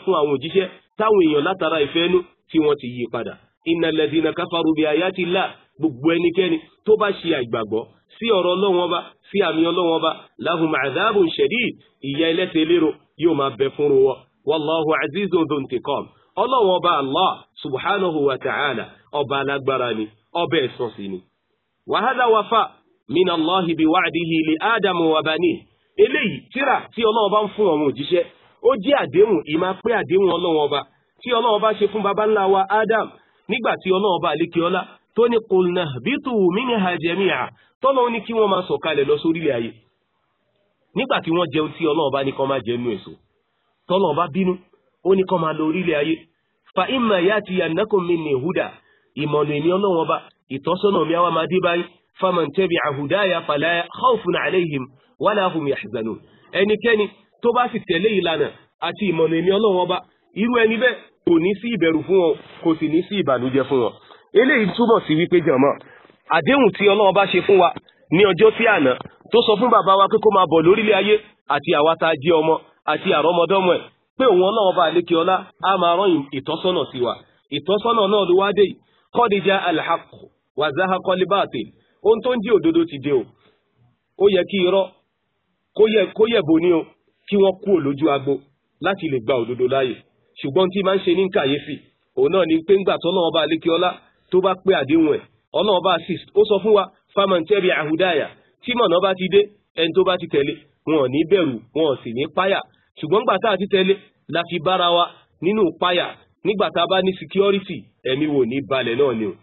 táwọn èèyàn látara ìfẹ́ inú tí wọ́n ti yí padà innal ladhina kafaru bi ayati llah gbogbo ẹnikẹ́ni tó bá ṣe àìgbàgbọ́ sí ọ̀rọ̀ ọlọ́wọ́n bá sí àmì ọlọ́wọ́n bá lahum adhabun shadid ìyà ẹlẹ́tẹ̀ lérò yóò máa bẹ fún wọn wallahu azizun dhu intiqam ọlọ́wọ́n bá allah subhanahu wa ta'ala ọba alágbára ni ọba ẹ̀sán sí ni. wa hadha wafa min allahi bi wa'dihi li adamu wa banihi eléyìí tíra tí ọlọ́wọ́n bá ń fún ọmọ òjíṣẹ́ ó jẹ́ àdéhùn ìmá pé àdéhùn ọlọ́wọ́n bá tí ọlọ́run bá ṣe fún baba ńlá wa Adam nígbà tí ọlọ́run bá lékè ọlá tó ní kulna bitu minha jami'a tọ́lọ́run ní kí wọ́n máa sọ̀kalẹ̀ lọ sórílẹ̀ ayé nígbà tí wọ́n jẹun tí ọlọ́run bá ní kọ́ máa jẹnu èso tọ́lọ́run bá bínú ó ní kọ́ máa lọ orílẹ̀ ayé fa imma yatiyannakum minni huda ìmọ̀nà èmi ọlọ́run ọba ìtọ́sọ́nà mi àwa máa dé báyìí faman tabi'a hudaya fala khawfun alayhim wala hum yahzanun ẹnikẹ́ni tó bá sì tẹ̀lé ìlànà àti ìmọ̀nà èmi ọlọ́run ọba irú ẹni bẹ́ẹ̀ kò ní sí ìbẹ̀rù fún wọn kò sì ní sí ìbànújẹ́ fún wọn eléyìí túbọ̀ sí wípé jọ̀mọ́ àdéhùn tí ọlọ́run bá ṣe fún wa ní ọjọ́ sí àná tó sọ fún bàbá wa pé kó máa bọ̀ lórílẹ̀ ayé àti àwa tá a jẹ́ ọmọ àti àrọ́mọdọ́mọ ẹ̀ pé òun ọlọ́run bá lékè ọlá á máa rán ìtọ́sọ́nà sí wa ìtọ́sọ́nà náà ló wá dé yìí kọ́díjà alhaq wàzáhà kọ́líbàtì ohun tó ń di òdodo ti dé o ó yẹ kí irọ́ kó yẹ bò ní o kí wọ́n kú òlójú agbo láti lè gba òdodo láàyè ṣùgbọ́n tí máa ń ṣe ní kàyéfì òun náà ni pé ńgbà tọ́lọ́ ọba alékiọlá tó bá pé àdéhùn ẹ̀ ọlọ́run ọba assist ó sọ fún wa famantẹ́rì àhùdáyà tí mọ̀nà bá ti dé ẹni tó bá ti tẹ̀lé wọn ò ní bẹ̀rù wọn ò sì ní páyà ṣùgbọ́n ńgbà tá a ti tẹ̀lé la fi bára wa nínú páyà nígbà tá a bá ní security ẹ̀mí wò ní balẹ̀ náà ni o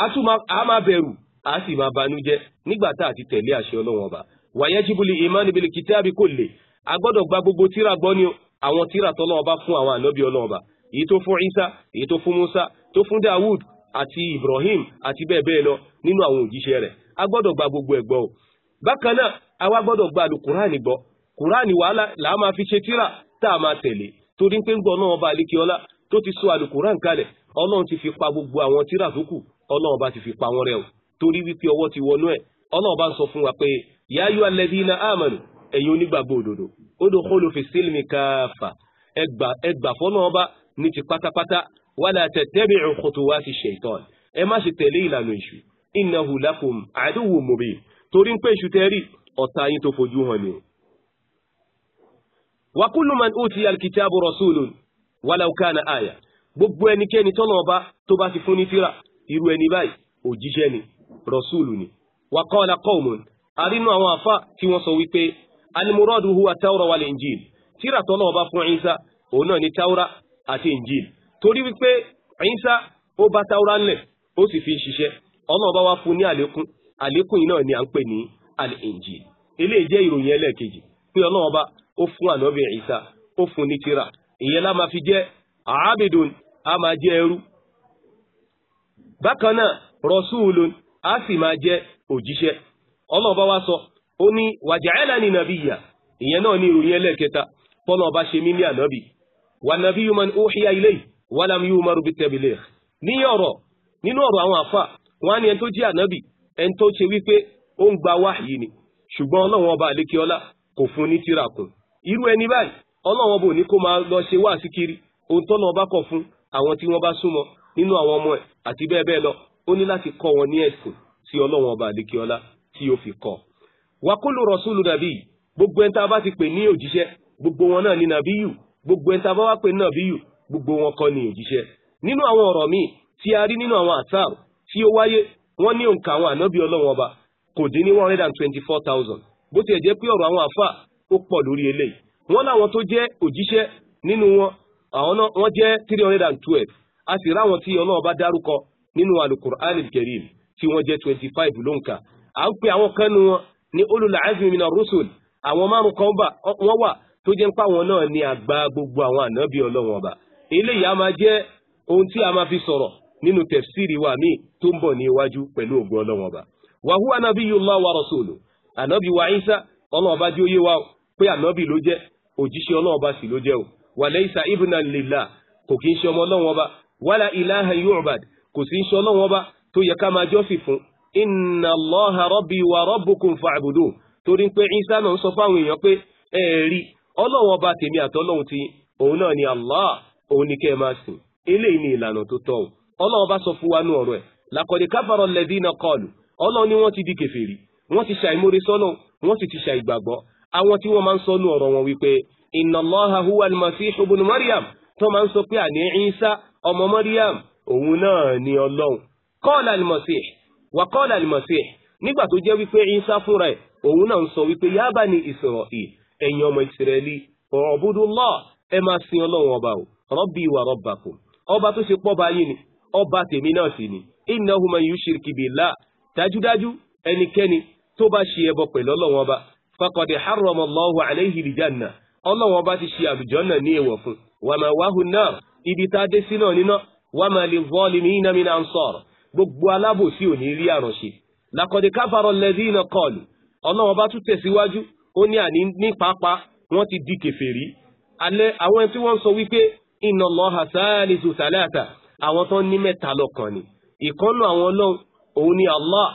a tún máa bẹ̀rù a sì máa banújẹ́ nígbà tá a ti tẹ̀lé àṣẹ ọlọ́run ọba wàyẹ́jibuli àwọn tíra tọ́lọ́wọ́ bá fún àwọn ànábì ọlọ́wọ́ bá èyí tó fún Isa èyí tó fún Musa tó fún Dawud àti Ibrahim àti bẹ́ẹ̀ bẹ́ẹ̀ lọ nínú àwọn òjíṣẹ́ rẹ̀ a gbọ́dọ̀ gba gbogbo ẹ̀ gbọ́ o bákan náà àwa gbọ́dọ̀ gba àlù kùránì gbọ́ kùránì wàhálà là á máa fi ṣe tíra tá a máa tẹ̀lé torí pé ń gbọ́ náà ọba àlékiọlá tó ti sọ àlù kùránì kalẹ̀ ọlọ́run ti fi pa gbogbo àwọn tíra tó kù ọlọ́run bá ti fi pa wọn rẹ o torí ẹ̀yin onígbàgbọ́ òdodo ó dò kó ló fi sílmi káfà ẹgbà fọ́nà ọba ní ti pátápátá wàlá tẹ̀tẹ́bì ọkọ̀tò wá ti ṣẹ̀tọ́n ẹ má ṣe tẹ̀lé ìlànà èṣù innahu lakum àdúwò mòbí torí ń pé èṣù tẹ́rí ọ̀tá yín tó fojú hàn ni. wa kullu man utiya alkitabu rasulun walau kana aya gbogbo ẹnikẹ́ni tọ́nà ọba tó bá ti fún ní tírà irú ẹni báyìí òjíṣẹ́ ni rọ̀súùlù ni wa qala qawmun àwọn àfà tí wọ́n sọ wípé alimuradu huwa tawra wal injil tira tọ́lọ́ ọba fún Ìsá òun naa ni tawra ati injil torí wípé Ìsá ó bá tawra nle o si fi ń ṣiṣẹ́ fún ní alekun àlékún ni a ní al-injil eléyìí jẹ́ ìròyìn ẹlẹ́ẹ̀kejì pé ọlọ́ọ̀bá ó fún ànábì isa ó fún ní tira fi ma ojise wa sọ ó ní waja'alani nabiyya ìyẹn náà ní ìròyìn ẹlẹ́ẹ̀kẹta tọ́nà ọba ṣe mí ní ànábì wà nabiyyu man uhiya ilayhi wa lam yu'mar bit-tabligh ní ọ̀rọ̀ nínú ọ̀rọ̀ àwọn àfà wọn á ní ẹni tó jẹ́ ànábì ẹni tó ṣe wípé ó ń gba wáhìí ni ṣùgbọ́n ọlọ́run ọba àlékeọlá kò fún ní tíra kù irú ẹni báyìí ọlọ́run ọba ò ní kó máa lọ ṣe wá wàkúlù Rasulu nàbí gbogbo ẹni tá a bá ti pè ní òjíṣẹ́ gbogbo wọn náà ní nàbí yù gbogbo ẹni tá a bá wá pè ní nàbí yù gbogbo wọn kọ́ ní òjíṣẹ́ nínú àwọn ọ̀rọ̀ míì tí a rí nínú àwọn àtàr tí ó wáyé wọ́n ní òǹkà àwọn ànábì ọlọ́run ọba kò dín ní one hundred and twenty four thousand bó ti ẹ̀ jẹ́ pé ọ̀rọ̀ àwọn àfà ó pọ̀ lórí eléyìí wọ́n láwọn tó jẹ́ òjíṣẹ́ nínú wọn àwọn náà wọ́n jẹ́ three hundred and twelve a sì ráwọn tí ọlọ́run ọba dárúkọ nínú alukur'an karim tí wọ́n jẹ́ twenty five lóǹkà à ń pe àwọn kan nu wọn ní ulul azmi minar rusul àwọn márùn kan wọ́n wà tó jẹ́ pé àwọn náà ni àgbà gbogbo àwọn ànábì ọlọ́wọ́n ọba eléyìí a máa jẹ́ ohun tí a máa fi sọ̀rọ̀ nínú tẹ̀fsíìrì wa míì tó ń bọ̀ ní iwájú pẹ̀lú ògbó ọlọ́wọ́n ọba wa huwa nabiyullah wa rasuluhu ànábì wa Isa ọlọ́wọ́n ọba jẹ́ ó yé wa pé ànábì ló jẹ́ òjíṣẹ́ ọlọ́wọ́n ọba sì ló jẹ́ o wa inna allaha rabbi wa rabbukum fa'budun torí pé isa náà ń sọ fáwọn èèyàn pé ẹ̀rí ọlọ́wọ́ bá tèmi àtọ́lọ́hun ti òun náà ni allah òun ni kẹ́ ẹ máa sìn eléyìí ni ìlànà tó tọ́ o ọlọ́wọ́ bá sọ fún wa nú ọ̀rọ̀ ẹ̀ làkọ̀dé káfàrọ̀ lẹ́dínà kọlù ọlọ́run ni wọ́n ti di kèfèrí wọ́n ti ṣàìmórí sọ́nà wọ́n sì ti ṣàìgbàgbọ́ àwọn tí wọ́n máa ń sọ nú ọ̀rọ̀ wọn wípé inna Allah huwa al maryam tó máa ń sọ pé àní ọmọ maryam òun náà ni ọlọ́run wàkọ́ọ̀lá al-Masih nígbà tó jẹ́ wípé Isa fúnra ẹ̀ òun náà ń sọ wípé ya bani Isra'il ẹ̀yin ọmọ Ísírẹ́lì u'budullah ẹ máa sin ọlọ́run ọba o rabbi wa rabbakum ọba tó ṣe pọ́ba yín ni ọba tèmi náà sì ni innahu man yushrik billah dájúdájú ẹnikẹ́ni tó bá ṣe ẹbọ pẹ̀lú ọlọ́run ọba faqad harrama alayhi al-janna gbogbo alábòsí ò ní rí àrànṣe làkọ̀dé káfàrọ̀ lẹ́dí iná kọlù ọlọ́run bá tún tẹ̀síwájú ó ní àní ní pàápàá wọ́n ti di kèfèrí alẹ́ àwọn ẹni tí wọ́n sọ wípé iná lọ hasani sùtàlẹ́àtà àwọn tó ní mẹ́ta lọ́kàn ni ìkọ́nù àwọn ọlọ́run òun ni Allah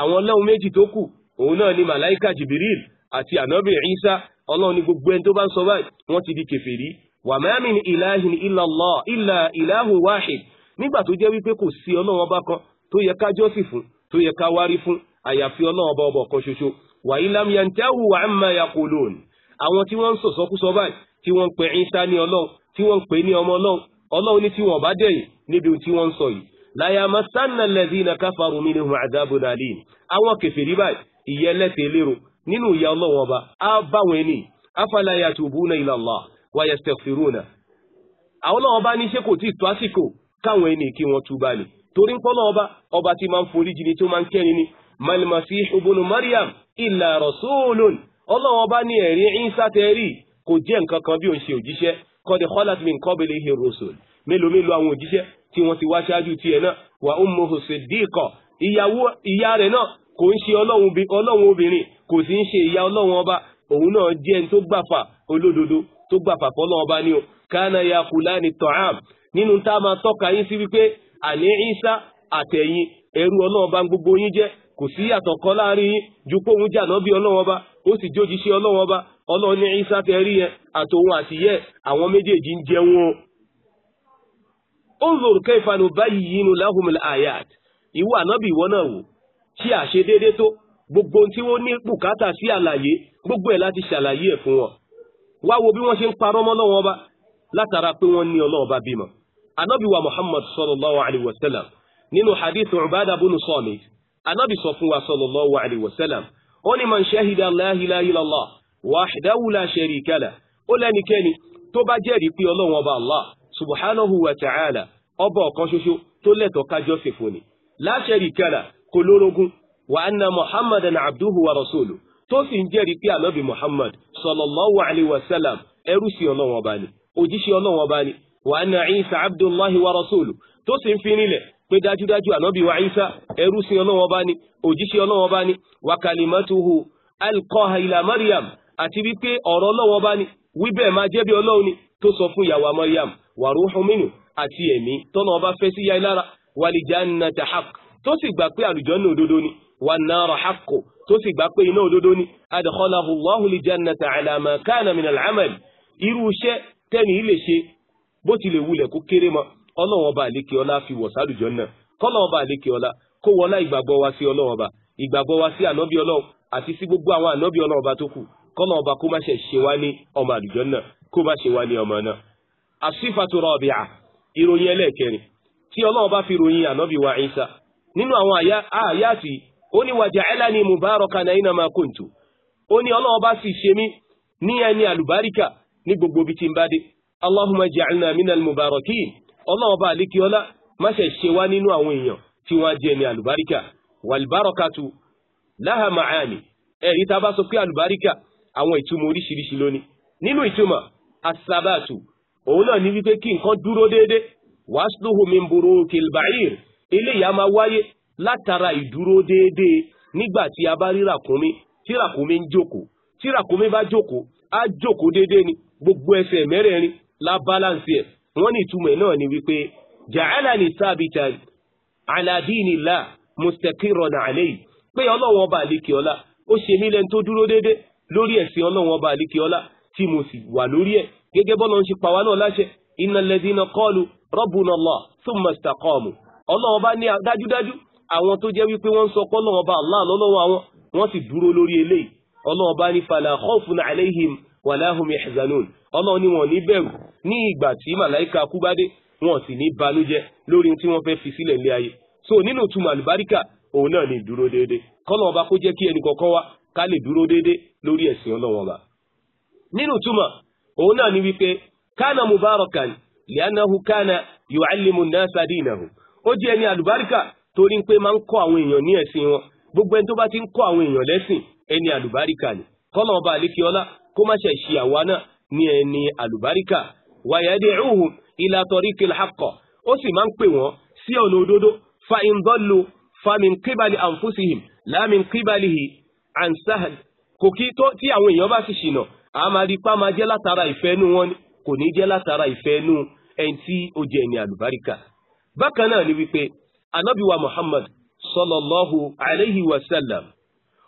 àwọn ọlọ́run méjì tó kù òun náà ni màláìka jìbìrìl àti ànábì Ìsá ọlọ́run ni gbogbo ẹni tó bá ń sọ báyìí wọ́n ti di kèfèrí wàmẹ́mìn ìlàhìn ìlàlọ́ ìlà ìlàhùn wáhìd nígbà tó jẹ́ wípé kò sí ọlọ́run ọba kan tó yẹ ká jọ́sìn fún tó yẹ ká wárí fún àyàfi ọlọ́run ọba ọbọ̀ kan ṣoṣo wàyí lámìyàn tẹ́wù wà ń máa yàkó lónìí àwọn tí wọ́n ń sọ̀sọ́kúsọ báyìí tí wọ́n ń pè Ìsá ní ọlọ́run tí wọ́n ń pè ní ọmọ ọlọ́run ọlọ́run ní tí wọ́n bá dẹ̀yìn níbi tí wọ́n ń sọ yìí láyà masanna lẹ́dínà káfàrú nínú àdábò nàlí àwọn kẹfìrí báyìí ìyẹn àwọn ọlọ́run bá ní ṣé kò tí ì tó àsìkò káwọn ẹni kí wọ́n túbá ni torí pọ́nà ọba ọba tí máa ń forí jìnnì tí ó máa ń kẹ́ni ni malimasi ibunu mariam illa rasulun ọlọ́wọ́n bá ní ẹ̀rí ìsá tẹ́rí kò jẹ́ nǹkan kan bí ó ń ṣe òjíṣẹ́ kọ́dé khalat min qablihi rusul mélòó mélòó àwọn òjíṣẹ́ tí wọ́n ti wá ṣáájú tiẹ̀ náà wa ummuhu siddiqa ìyàwó ìyá rẹ̀ náà kò ń ṣe ọlọ́run obìnrin kò sì ń ṣe ìyá ọlọ́run ọba òun náà jẹ́ ẹni tó gbàfà olódodo tó gbàfà fọlọ́run ọba ni o kana yakulani ta'am nínú tá a máa tọ́ka yín sí wípé àní eru àtẹ̀yìn ẹrú ọlọ́wọ́n bá ń gbogbo yín jẹ́ kò sí yàtọ̀ kan láàrin yín ju pé òun jà náà bí ọlọ́wọ́n bá ó sì jójì sí ọlọ́wọ́n bá ọlọ́run ní rí yẹn àtòun àtìyẹ àwọn méjèèjì ń jẹun o. ó ń lòrù kẹfà ló báyìí yínú láhùnmí àyàt ìwọ ànábì ìwọ náà wò ṣé àṣedéédé tó gbogbo tí wọ́n ní bùkátà sí àlàyé gbogbo láti ṣàlàyé wọn wá wo bí ṣe ń anábì wa muhammad sallallahu alayhi wa sallam nínú hadith ubada bunu samit anábì sọ fún wa sallallahu alayhi wa sallam ó ní man shahida la ilaha illallah wahdahu la sharika lah ó lẹ́nikẹ́ni tó bá jẹ́rìí pé ọlọ́run ọba allah subhanahu wa ta'ala ọba ọ̀kan ṣoṣo tó lẹ́tọ̀ọ́ kájọ́sìn fún ni la sharika lah kò lórogún wa anna muhammadan abduhu wa rasuluhu tó sì ń jẹ́rìí pé ànábì muhammad sallallahu alayhi wa sallam ẹrú sí ọlọ́run ọba ni òjíṣẹ́ ọlọ́run ọba ni wa anna Isa abdullahi wa rasulu tó sì ń fi nílẹ̀ pé dájúdájú ànábì wa Isa ẹrú sí Ọlọ́hun Ọba ni òjíṣẹ́ Ọlọ́hun Ọba ni wa kalimatuhu alqaha ila Maryam àti wípé ọ̀rọ̀ Ọlọ́hun Ọba ni wíbẹ̀ máa jẹ́ bí Ọlọ́hun ni tó sọ fún ìyàwó Maryam wa ruhu minhu àti ẹ̀mí tọ́nà ọba fẹ́ sí ya ilára walijannata haqq tó sì gbà pé àlùjànnà òdodo ni wan-nara haqq tó sì gbà pé iná òdodo ni adkhalahu Allahu al-jannata ala ma kana min irú iṣẹ́ tẹ́ni ilé ṣe bó tilẹ̀ wulẹ̀ kó kéré mọ́ ọlọ́wọ́n àlékè ọlá fi wọ̀ sálùjọ náà kọ́lọ́wọ́n ọba àlékè ọlá kó wọlá ìgbàgbọ́ wa sí ọlọ́wọ́n ọba ìgbàgbọ́ sí ànábì ọlọ́wọ́ àti sí gbogbo àwọn ànábì ọlọ́wọ́n ọba tó kù kọ́lọ́wọ́n ọba kó má ṣe ṣe wá ní ọmọ àlùjọ náà kó má ṣe wá ní ọmọ náà. àsìfàtò rọ̀bìà ìròyìn Allahumma ja'alna minal mubarakin ọlọ́run ọba àlékiọ́lá má ṣe ṣe wá nínú àwọn èèyàn tí wọ́n á jẹ́ ní àlùbáríkà wàlùbárọ̀kàtù láhà màáni ẹ̀rí tá a bá sọ pé àlùbáríkà àwọn ìtumọ̀ oríṣiríṣi lónìí nínú ìtumọ̀ asabatu òun náà ní wípé kí nǹkan dúró déédé wàásùlùhù min burukil ba'ir eléyìí a máa wáyé látara ìdúró déédé nígbà tí a bá rí ràkúnmí tí ràkúnmí ń jókòó tí ràkúnmí bá jókòó á jókòó déédé ni gbogbo ẹsẹ̀ mẹ́rẹ̀ẹ̀rin la balance ẹ̀ wọ́n ní ìtumọ̀ náà ni wípé ja'alani sabitan ala dinillah mustaqirran alayhi pé ọlọ́wọ́n ọba àlékè ọlá ó ṣe mí lẹ́ni tó dúró déédé lórí ẹ̀sìn ọlọ́wọ́n ọba àlékè ọlá tí mo sì wà lórí ẹ̀ gẹ́gẹ́ bọ́lá ń ṣe pa wá náà láṣẹ innal ladhina qalu rabbuna Allah thumma istaqamu ọlọ́wọ́n bá ní dájúdájú àwọn tó jẹ́ wípé wọ́n ń sọ pọ́lọ́wọ́n ọlọ́wọ́n bá ní ìgbà tí màláìka kú wọn sì ní balójẹ lórí tí wọn fẹ́ fi sílẹ̀ lé ayé so nínú túmọ̀ àlùbáríkà òun náà ní dúró déédé kọ́nà ọba kó jẹ́ kí ẹnì kọ̀ọ̀kan wa ká lè dúró déédé lórí ẹ̀sìn ọlọ́wọ́n ọba nínú túmọ̀ òun náà ní wípé kánà mubarakan lianahu kánà yu'allimu nasa dinahu ó jẹ́ ẹni àlùbáríkà torí pé máa ń kọ́ àwọn èèyàn ní ẹ̀sìn wọn gbogbo ẹni tó ti ń àwọn èèyàn ni ọba wa ilà tọ̀ríkì làkọ̀ ó sì máa ń pè wọ́n sí ọ̀nà òdodo fa ìndọ́lu fa min kíbalì àǹfùsìhìm láàmìn kò kí tó tí àwọn èèyàn bá sì ṣìnà a máa rí pa máa jẹ́ látara ìfẹ́ nú wọn kò ní jẹ́ látara ìfẹ́ ẹni tí ó ẹni àlùbáríkà bákan náà ni wípé Muhammad sallallahu alayhi wa sallam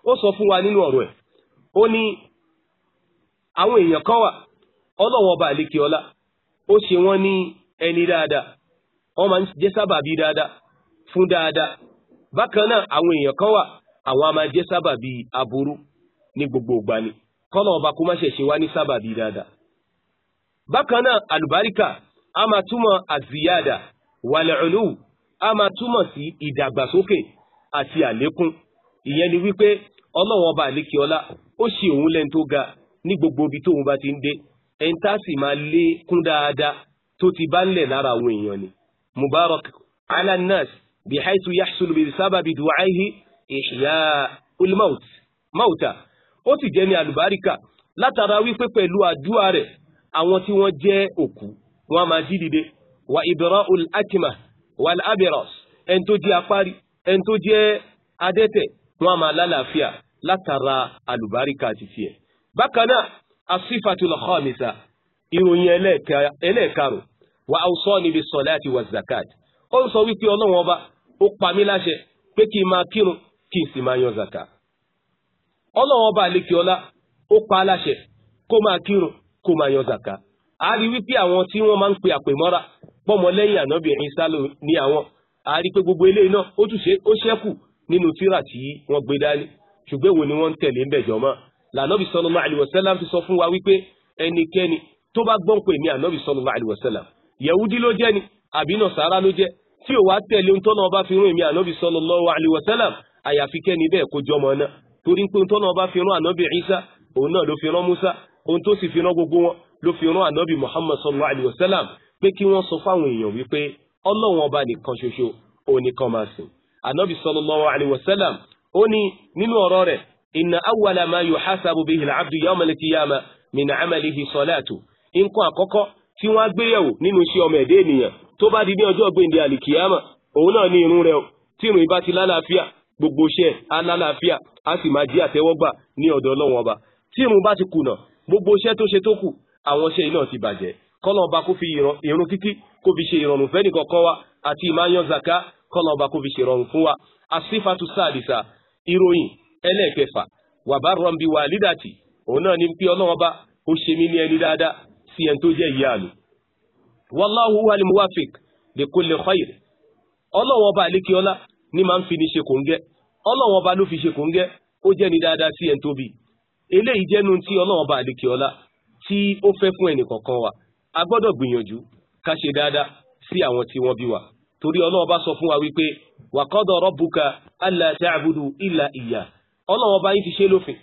ó wa nínú ọ̀rọ̀ ẹ̀ ó ní àwọn èèyàn ọba ó ṣe wọ́n ní ẹni dáadáa wọ́n máa ń jẹ́ sábàbí dáadáa fún dáadáa bákan náà àwọn èèyàn kan wà àwọn a máa jẹ́ sábàbí aburú ní gbogbo ìgbà ni kọ́nà ọba kó má ṣe ṣe wá ní sábàbí dáadáa bákan náà àlùbáríkà a máa túmọ̀ àzíyáàdà wàlẹ̀ọ̀lù a máa túmọ̀ sí ìdàgbàsókè àti àlékún ìyẹn ni wípé ọlọ́wọ́n ọba àlékiọlá ó ṣe òun lẹ́ni tó ga ní gbogbo ibi tóun bá ti ń dé ẹni tá a sì máa lé kún dáadáa tó ti bá ń lẹ̀ lára àwọn èèyàn ni mubarak ala nas bi haitu yaxsulu bi sábàbí duwaihi ìṣìyà ulmaut mauta ó sì jẹ́ ní alùbáríkà látara wípé pẹ̀lú àdúrà rẹ̀ àwọn tí wọ́n jẹ́ òkú wọn máa jí dìde wa ibra ul akima wal abiros ẹni tó jẹ́ apárí ẹni tó jẹ́ adẹ́tẹ̀ wọn máa lálàáfíà látara alùbáríkà títí ẹ̀ bákan náà asifatul khamisa ìròyìn ẹlẹ́ẹ̀karùn wa awsani bis salati waz zakat ó ń sọ wípé ọlọ́run ọba ó pa mí láṣẹ pé kí n máa kírun kí n sì máa yan zaka ọlọ́run ọba àlekè ọlá ó pa á láṣẹ kó máa kírun kó máa yan zaka a rí wípé àwọn tí wọ́n máa ń pe àpèmọ́ra pọ́mọlẹ́yìn ànábìrin sálò ní àwọn a rí pé gbogbo eléyìí náà ó tún ó ṣẹ́kù nínú tírà tí wọ́n gbé dání ṣùgbọ́n èwo ni wọ́n ń tẹ̀lé ń bẹ̀jọ́ mọ́ lànàbì sallallahu alaihi wasallam ti sọ fún wa wípé ẹnikẹ́ni tó bá gbọ́n pè ní ànàbì sallallahu alaihi wasallam yẹ̀wúdí ló jẹ́ ni àbí nàṣàrà ló jẹ́ tí ò wá tẹ̀lé ntọ́nà ọba fi rún èmi ànàbì sallallahu alaihi wasallam àyàfi kẹ́ni bẹ́ẹ̀ kó jọmọ náà torí pé ntọ́nà ọba fi rún ànàbì Isa òun náà ló fi rán Musa òun tó sì fi rán gbogbo wọn ló fi rán ànàbì Muhammad sallallahu alaihi wasallam pé kí wọ́n sọ fáwọn èèyàn wípé ọlọ́run ọba nìkan ṣoṣo sallallahu alaihi wasallam ó ní inna awwala ma yuhasabu bihi al-abdu yawma al-qiyamah min amalihi salatu nǹkan àkọ́kọ́ tí wọ́n á gbéyẹ̀wò nínú iṣẹ́ ọmọ ẹ̀dẹ́ ènìyàn tó bá di ní ọjọ́ gbèǹde àlìkìyàmà òun náà ní irun rẹ̀ tí irun ibà ti lálàáfíà gbogbo iṣẹ́ alálàáfíà á sì máa jí àtẹ́wọ́gbà ní ọ̀dọ̀ ọlọ́wọ́n ọba tí irun bá ti kùnà gbogbo iṣẹ́ tó ṣe tó kù àwọn iṣẹ́ iná ti bàjẹ́ kọ́lọ̀ ọba fi irun kíkí kó fi ṣe ìrọ̀rùn fẹ́ nìkan wa àti ìmáyán zaka kọ́lọ̀ ọba fi ṣe ìrọ̀rùn fún wa asífàtú ìròyìn ẹlẹ́ẹ̀kẹfà wàbárọ̀ W'aba bi wà lídàtì òun náà ni pé ọlọ́wọ́n bá ó ṣe mí ní ẹni dáadáa sí ẹni tó jẹ́ ìyá mi. wàláhu wàlí muwafik lè kó lè khair ọlọ́wọ́n bá àlékè ní máa ń fi ní ṣe bá ló fi ṣe kòńgẹ́ ó jẹ́ ni dáadáa sí ẹni tó bí. eléyìí jẹ́nu tí ọlọ́wọ́n bá àlékè tí ó fẹ́ fún wa a gbọ́dọ̀ gbìyànjú ká ṣe dáadáa sí àwọn tí wọ́n bí wa sọ fún wa wípé wàkọ́dọ̀ rọ́bùkà ọlọ́run ọba yín ti ṣe lófin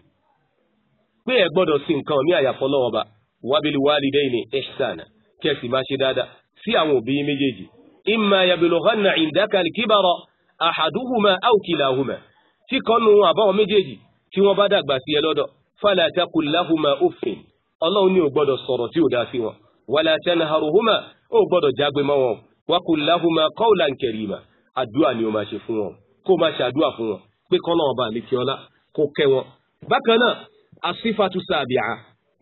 pé ẹ gbọ́dọ̀ sí nǹkan mi àyàfọ́ ọlọ́run ọba wábìlì wálidẹ́yìn ihsana kẹ́sì máa ṣe dáadáa sí àwọn òbí yín méjèèjì imma yablughanna indaka al-kibara ahaduhuma aw kilahuma tí kan nù àbáwọn méjèèjì tí wọ́n bá dàgbà sí ẹ lọ́dọ̀ fala taqul lahuma pé kọ́nà ọba àlekí ọlá kó kẹ́ wọn. bákan náà asífàtú sàbíà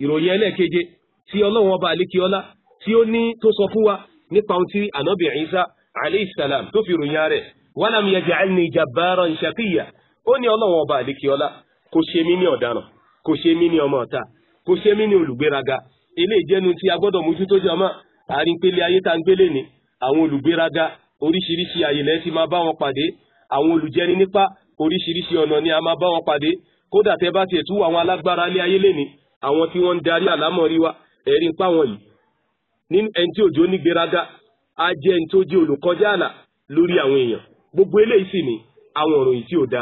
ìròyìn ẹlẹ́ẹ̀keje tí ọlọ́run ọba àlekí ọlá tí ó ní tó sọ fún wa nípa ohun tí ànábì Ìsá alayhi salam tó fi ròyìn rẹ̀ walam yaj'alni jabbaran shaqiyya ó ní ọlọ́run ọba àlekí ọlá kò ṣe mí ní ọ̀daràn kò ṣe mí ní ọmọ ọ̀tá kò ṣe mí ní olùgbéraga ilé ìjẹnu tí a gbọ́dọ̀ mójútó jọmọ́ àríńpele ayé tá ń gbélé ni àwọn olùgbéraga oríṣiríṣi àyè lẹ́sìn máa bá wọn pàdé àwọn olùjẹni nípa oríṣiríṣi ọ̀nà ni a máa bá wọn pàdé kódà tẹ bá tiẹ̀ tú àwọn alágbára ilé ayé lé ní àwọn tí wọ́n ń darí àlámọ̀rí wa ẹ̀rí ń pa wọn yìí ní ẹni tí òjò ní gbéraga á jẹ́ ẹni tó jẹ́ olùkọjá àlà lórí àwọn èèyàn gbogbo eléyìí sì ni àwọn òròyìn tí ò da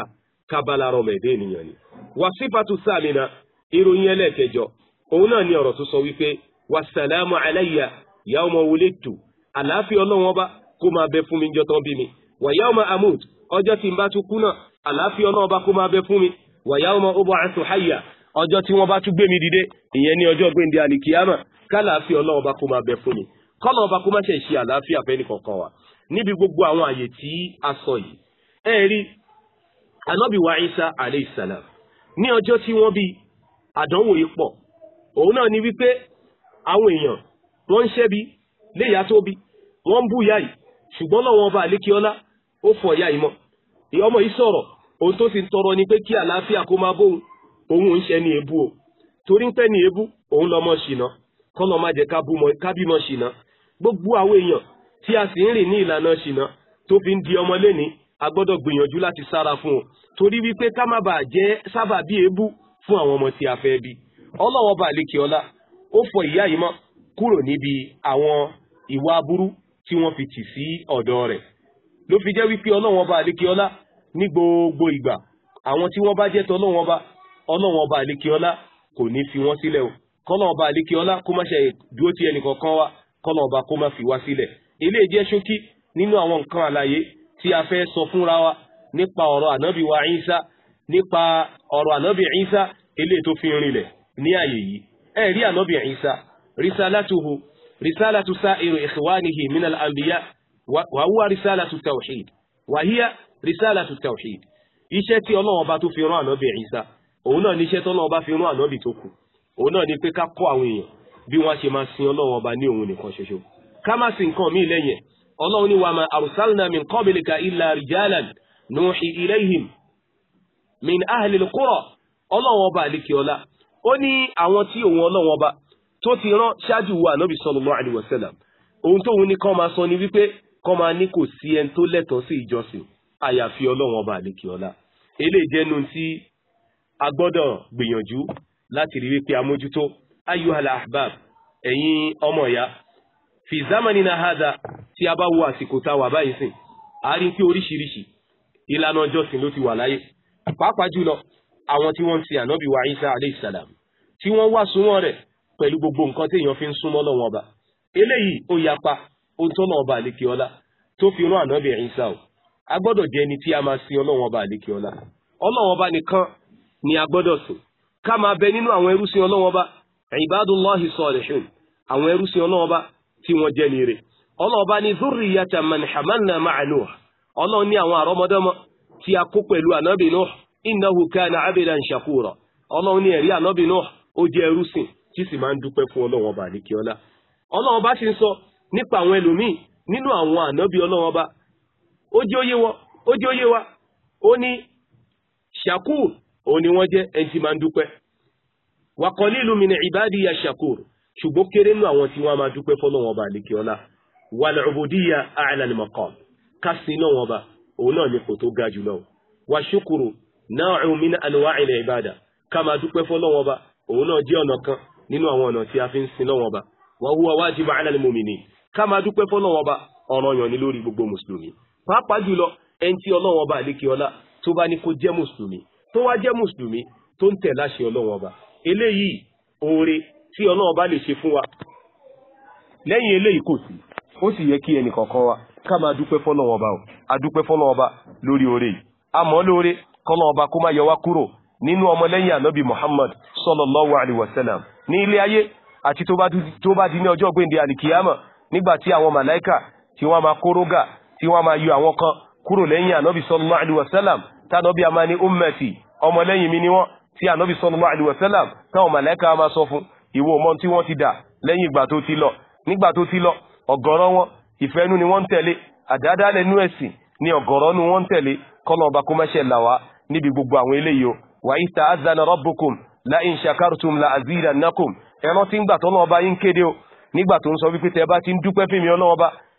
kábàlà rọmọ ẹ̀dẹ́ ènìyàn ni. wàsípàtú sàmìnà ìròyìn ẹlẹ́ẹ̀kẹjọ òun náà ni ọ̀rọ̀ tó sọ wípé wàsálàmù aláyà mi jọ tán bí mi wàyà àlàáfíà náà bá kó máa bẹ fún mi wa yawma ub'athu hayya ọjọ́ tí wọ́n bá tún gbé mi dìde ìyẹn ní ọjọ́ gbéǹde àlìkíyàmà kálàáfíà náà bá kó máa bẹ fún mi kọ́nà bá kó má ṣe ṣe àlàáfíà fẹ́ni kọ̀ọ̀kan wa níbi gbogbo àwọn àyè tí a sọ yìí ẹ rí anábì wa Isa alayhi salam ní ọjọ́ tí wọ́n bí àdánwò yìí pọ̀ òun náà ni wípé àwọn èèyàn wọ́n ń ṣẹ́bi léyà tó bi wọ́n ń bú ìyá yìí ṣùgbọ́n lọ́wọ́ ọba àlékiọ́lá ó fọ ìyá yìí mọ́ ìyá ọmọ yìí sọ̀rọ̀ ohun tó sì ń tọrọ ni pé kí àlàáfíà kó máa bóun òun ń ṣe ní ebu o torí ń pẹ́ ní ebu òun lọ́mọ ṣìnà kọ́nà má jẹ́ kábímọ ṣìnà gbogbo àwọn èèyàn tí a sì ń rìn ní ìlànà ṣìnà tó fi ń di ọmọ lẹ́ni a gbọ́dọ̀ gbìyànjú láti sára fún o torí wípé ká má bàa jẹ́ sábà bí ebu fún àwọn ọmọ tí a fẹ́ bí ọlọ́wọ́ bá lékè ọlá ó fọ ìyá yìí mọ́ kúrò níbi àwọn ìwà aburú tí wọ́n fi tì sí ọ̀dọ̀ rẹ̀ ló fi jẹ́ wípé ọlọ́wọ́ bá lékè ọlá ní gbogbo ìgbà àwọn tí wọ́n bá jẹ́ tọ́lọ́wọ́n ọba ọlọ́wọ́n ọba àlékiọlá kò ní fi wọ́n sílẹ̀ o kọ́lọ́ ọba àlékiọlá kó má ṣe dúró ti ẹnì kankan wa kọ́lọ́ ọba kó má fi wá sílẹ̀ ilé jẹ́ ṣókí nínú àwọn nǹkan àlàyé tí a fẹ́ sọ fúnra wa nípa ọ̀rọ̀ ànábì wa Ìsá nípa ọ̀rọ̀ ànábì Ìsá ilé tó fi rinlẹ̀ ní àyè yìí ẹ rí ànábì Ìsá risalatuhu risalatu sa'iru ikhwanihi minal anbiya wa huwa risalatu tawhid wa risalatu tawhid iṣẹ́ tí ọlọ́run ọba tó fi rán ànábì Ìsá òun náà níṣẹ́ tí ọlọ́run ọba fi rán ànábì tó kù òun náà ni pé ká kọ́ àwọn èèyàn bí wọ́n ṣe máa sin ọlọ́run ọba ní òun nìkan ṣoṣo ká má sin nǹkan míì lẹ́yìn ọlọ́run ní wa ma arsalna min qablika illa rijalan nuhi ilayhim min ahli alqura ọlọ́run ọba àlekè ọlá ó ní àwọn tí òun ọlọ́run ọba tó ti rán ṣáájú wa ànábì sallallahu alaihi wasallam òun tóun ní kọ́ máa sọ ni wípé kọ́ máa ní kò sí ẹni tó lẹ́tọ̀ọ́ sí ìjọsìn àyàfi ọlọ́run ọba àlekè ọlá eléyìí jẹ́nu tí a gbọ́dọ̀ gbìyànjú láti rí wípé amójútó ayuhala ahbab ẹ̀yin ọmọ ìyá fi zamani na hada tí a bá wo àsìkò tá a wà báyìí sìn a rí pé oríṣiríṣi ìlànà ọjọ́sìn ló ti wà láyé pàápàá jùlọ àwọn tí wọ́n ń sin ànábì wa isa aleyhi salam tí wọ́n wá súnmọ́ rẹ̀ pẹ̀lú gbogbo nǹkan téèyàn fi ń súnmọ́ lọ́wọ́ ọba eléyìí ó yapa ó ń tọ́nà ọba àlekè tó fi rán ànábì isa o Agbọdọ je jẹ́ ẹni tí a máa sin ọlọ́run ọba àlékè ọlá ọlọ́run ọba nìkan ni a gbọ́dọ̀ sìn ká máa bẹ nínú àwọn ẹrúsìn ọlọ́run ọba ibadullahi salihun àwọn ẹrúsìn ọlọ́run ọba tí wọ́n jẹ́ ní rẹ̀ ọlọ́run ọba ní zurriyata man hamalna ma'a Nuh ọlọ́run àwọn tí a kó kana abidan shakura ọlọ́run ní ẹ̀rí ànábì Nuh ó tí sì máa ń fún o ji òye wa ó ní ṣàkúr òun ni wọ́n jẹ́ ẹni tí máa ń dúpẹ́ wa qalilun min ibadiya ṣùgbọ́n kéré nù àwọn tí wọ́n máa dúpẹ́ fọ́lọ́wọ́n bá lékè ọlá wal ubudiyya a'la al maqam kásì náà wọn bá òun náà ní kò tó ga jùlọ wa ṣukuru naw'un min ibada ká máa dúpẹ́ fọ́lọ́wọ́n bá òun náà jẹ́ ọ̀nà kan nínú àwọn ọ̀nà tí a fi ń sin wa huwa wajibu 'ala al ká máa bá ní lórí gbogbo mùsùlùmí pàápàá jùlọ ẹni tí ọlọ́run ọba àlékè ọlá tó bá ní kó jẹ́ mùsùlùmí tó wá jẹ́ mùsùlùmí tó ń tẹ̀ láṣẹ ọba eléyìí oore tí ọlọ́run ọba lè ṣe fún wa lẹ́yìn eléyìí kò sí ó sì yẹ kí ẹnì kọ̀ọ̀kan wa ká máa dúpẹ́ ọba o adúpẹ́ ọba lórí oore yìí àmọ́ lóore má yọ kúrò nínú ànábì Muhammad sallallahu alaihi wasallam ní ilé ayé àti tó bá di ní ọjọ́ gbèǹde tí wọ́n máa yọ àwọn kan kúrò lẹ́yìn ànábì sallallahu alaihi wasallam tánàbí a máa ní ummati ọmọ lẹ́yìn mi ni wọ́n tí ànábì sallallahu alaihi wasallam táwọn màláíkà máa sọ fún ìwọ ọmọ tí wọ́n ti dà lẹ́yìn ìgbà tó ti lọ nígbà tó ti lọ ọ̀gọ̀rọ̀ wọn ìfẹ́nu ni wọ́n ń tẹ̀lé àdáadáa lẹ́nu ẹ̀sìn ni ọ̀gọ̀rọ̀ nu wọ́n ń tẹ̀lé kọ́nà kó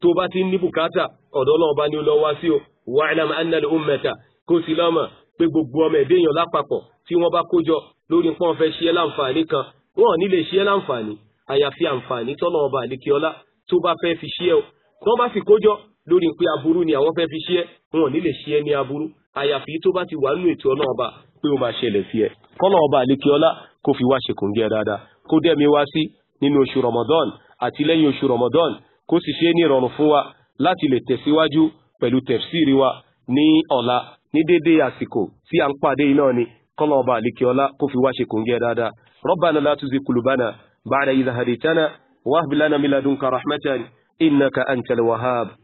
tó bá ti ní bùkátà ọ̀dọ̀ ọlọ́run bá ní lọ wá sí o wa'lam anna al-ummata kó sì lọ́mọ pé gbogbo ọmọ ẹ̀dẹ́ èèyàn lápapọ̀ tí wọ́n bá kójọ lórí pọ́n fẹ́ ṣe láǹfààní kan wọn ò ní lè ṣe láǹfààní àyàfi àǹfààní tọ́lọ̀ ọba àlékiọlá tó bá fẹ́ fi ṣe ẹ o tí wọ́n bá sì kójọ lórí pé aburú ni àwọn fẹ́ fi ṣe ẹ wọn ní lè ṣe ẹ ní aburú àyàfi tó bá ti wà nínú ètò ọlọ́run ọba pé ó máa ṣẹlẹ̀ sí ẹ kọ́lọ̀ ọba àlékiọlá kó fi wá ṣe dáadáa kó dẹ́mi wá sí nínú oṣù Ramadan àti lẹ́yìn oṣù Ramadan kó sì ṣe ní ìrọ̀rùn fún wa láti lè tẹ̀síwájú pẹ̀lú tẹ̀fsíìrì wa ní ọ̀la ní dédé àsìkò tí a ń pàdé iná ni kọ́lọ̀ ọba àlekè ọlá kó fi wá ṣe kò ń gẹ́ dáadáa rabbana la tuzi kulubana ba'da idha haditana wa hab lana min ladunka rahmatan innaka antal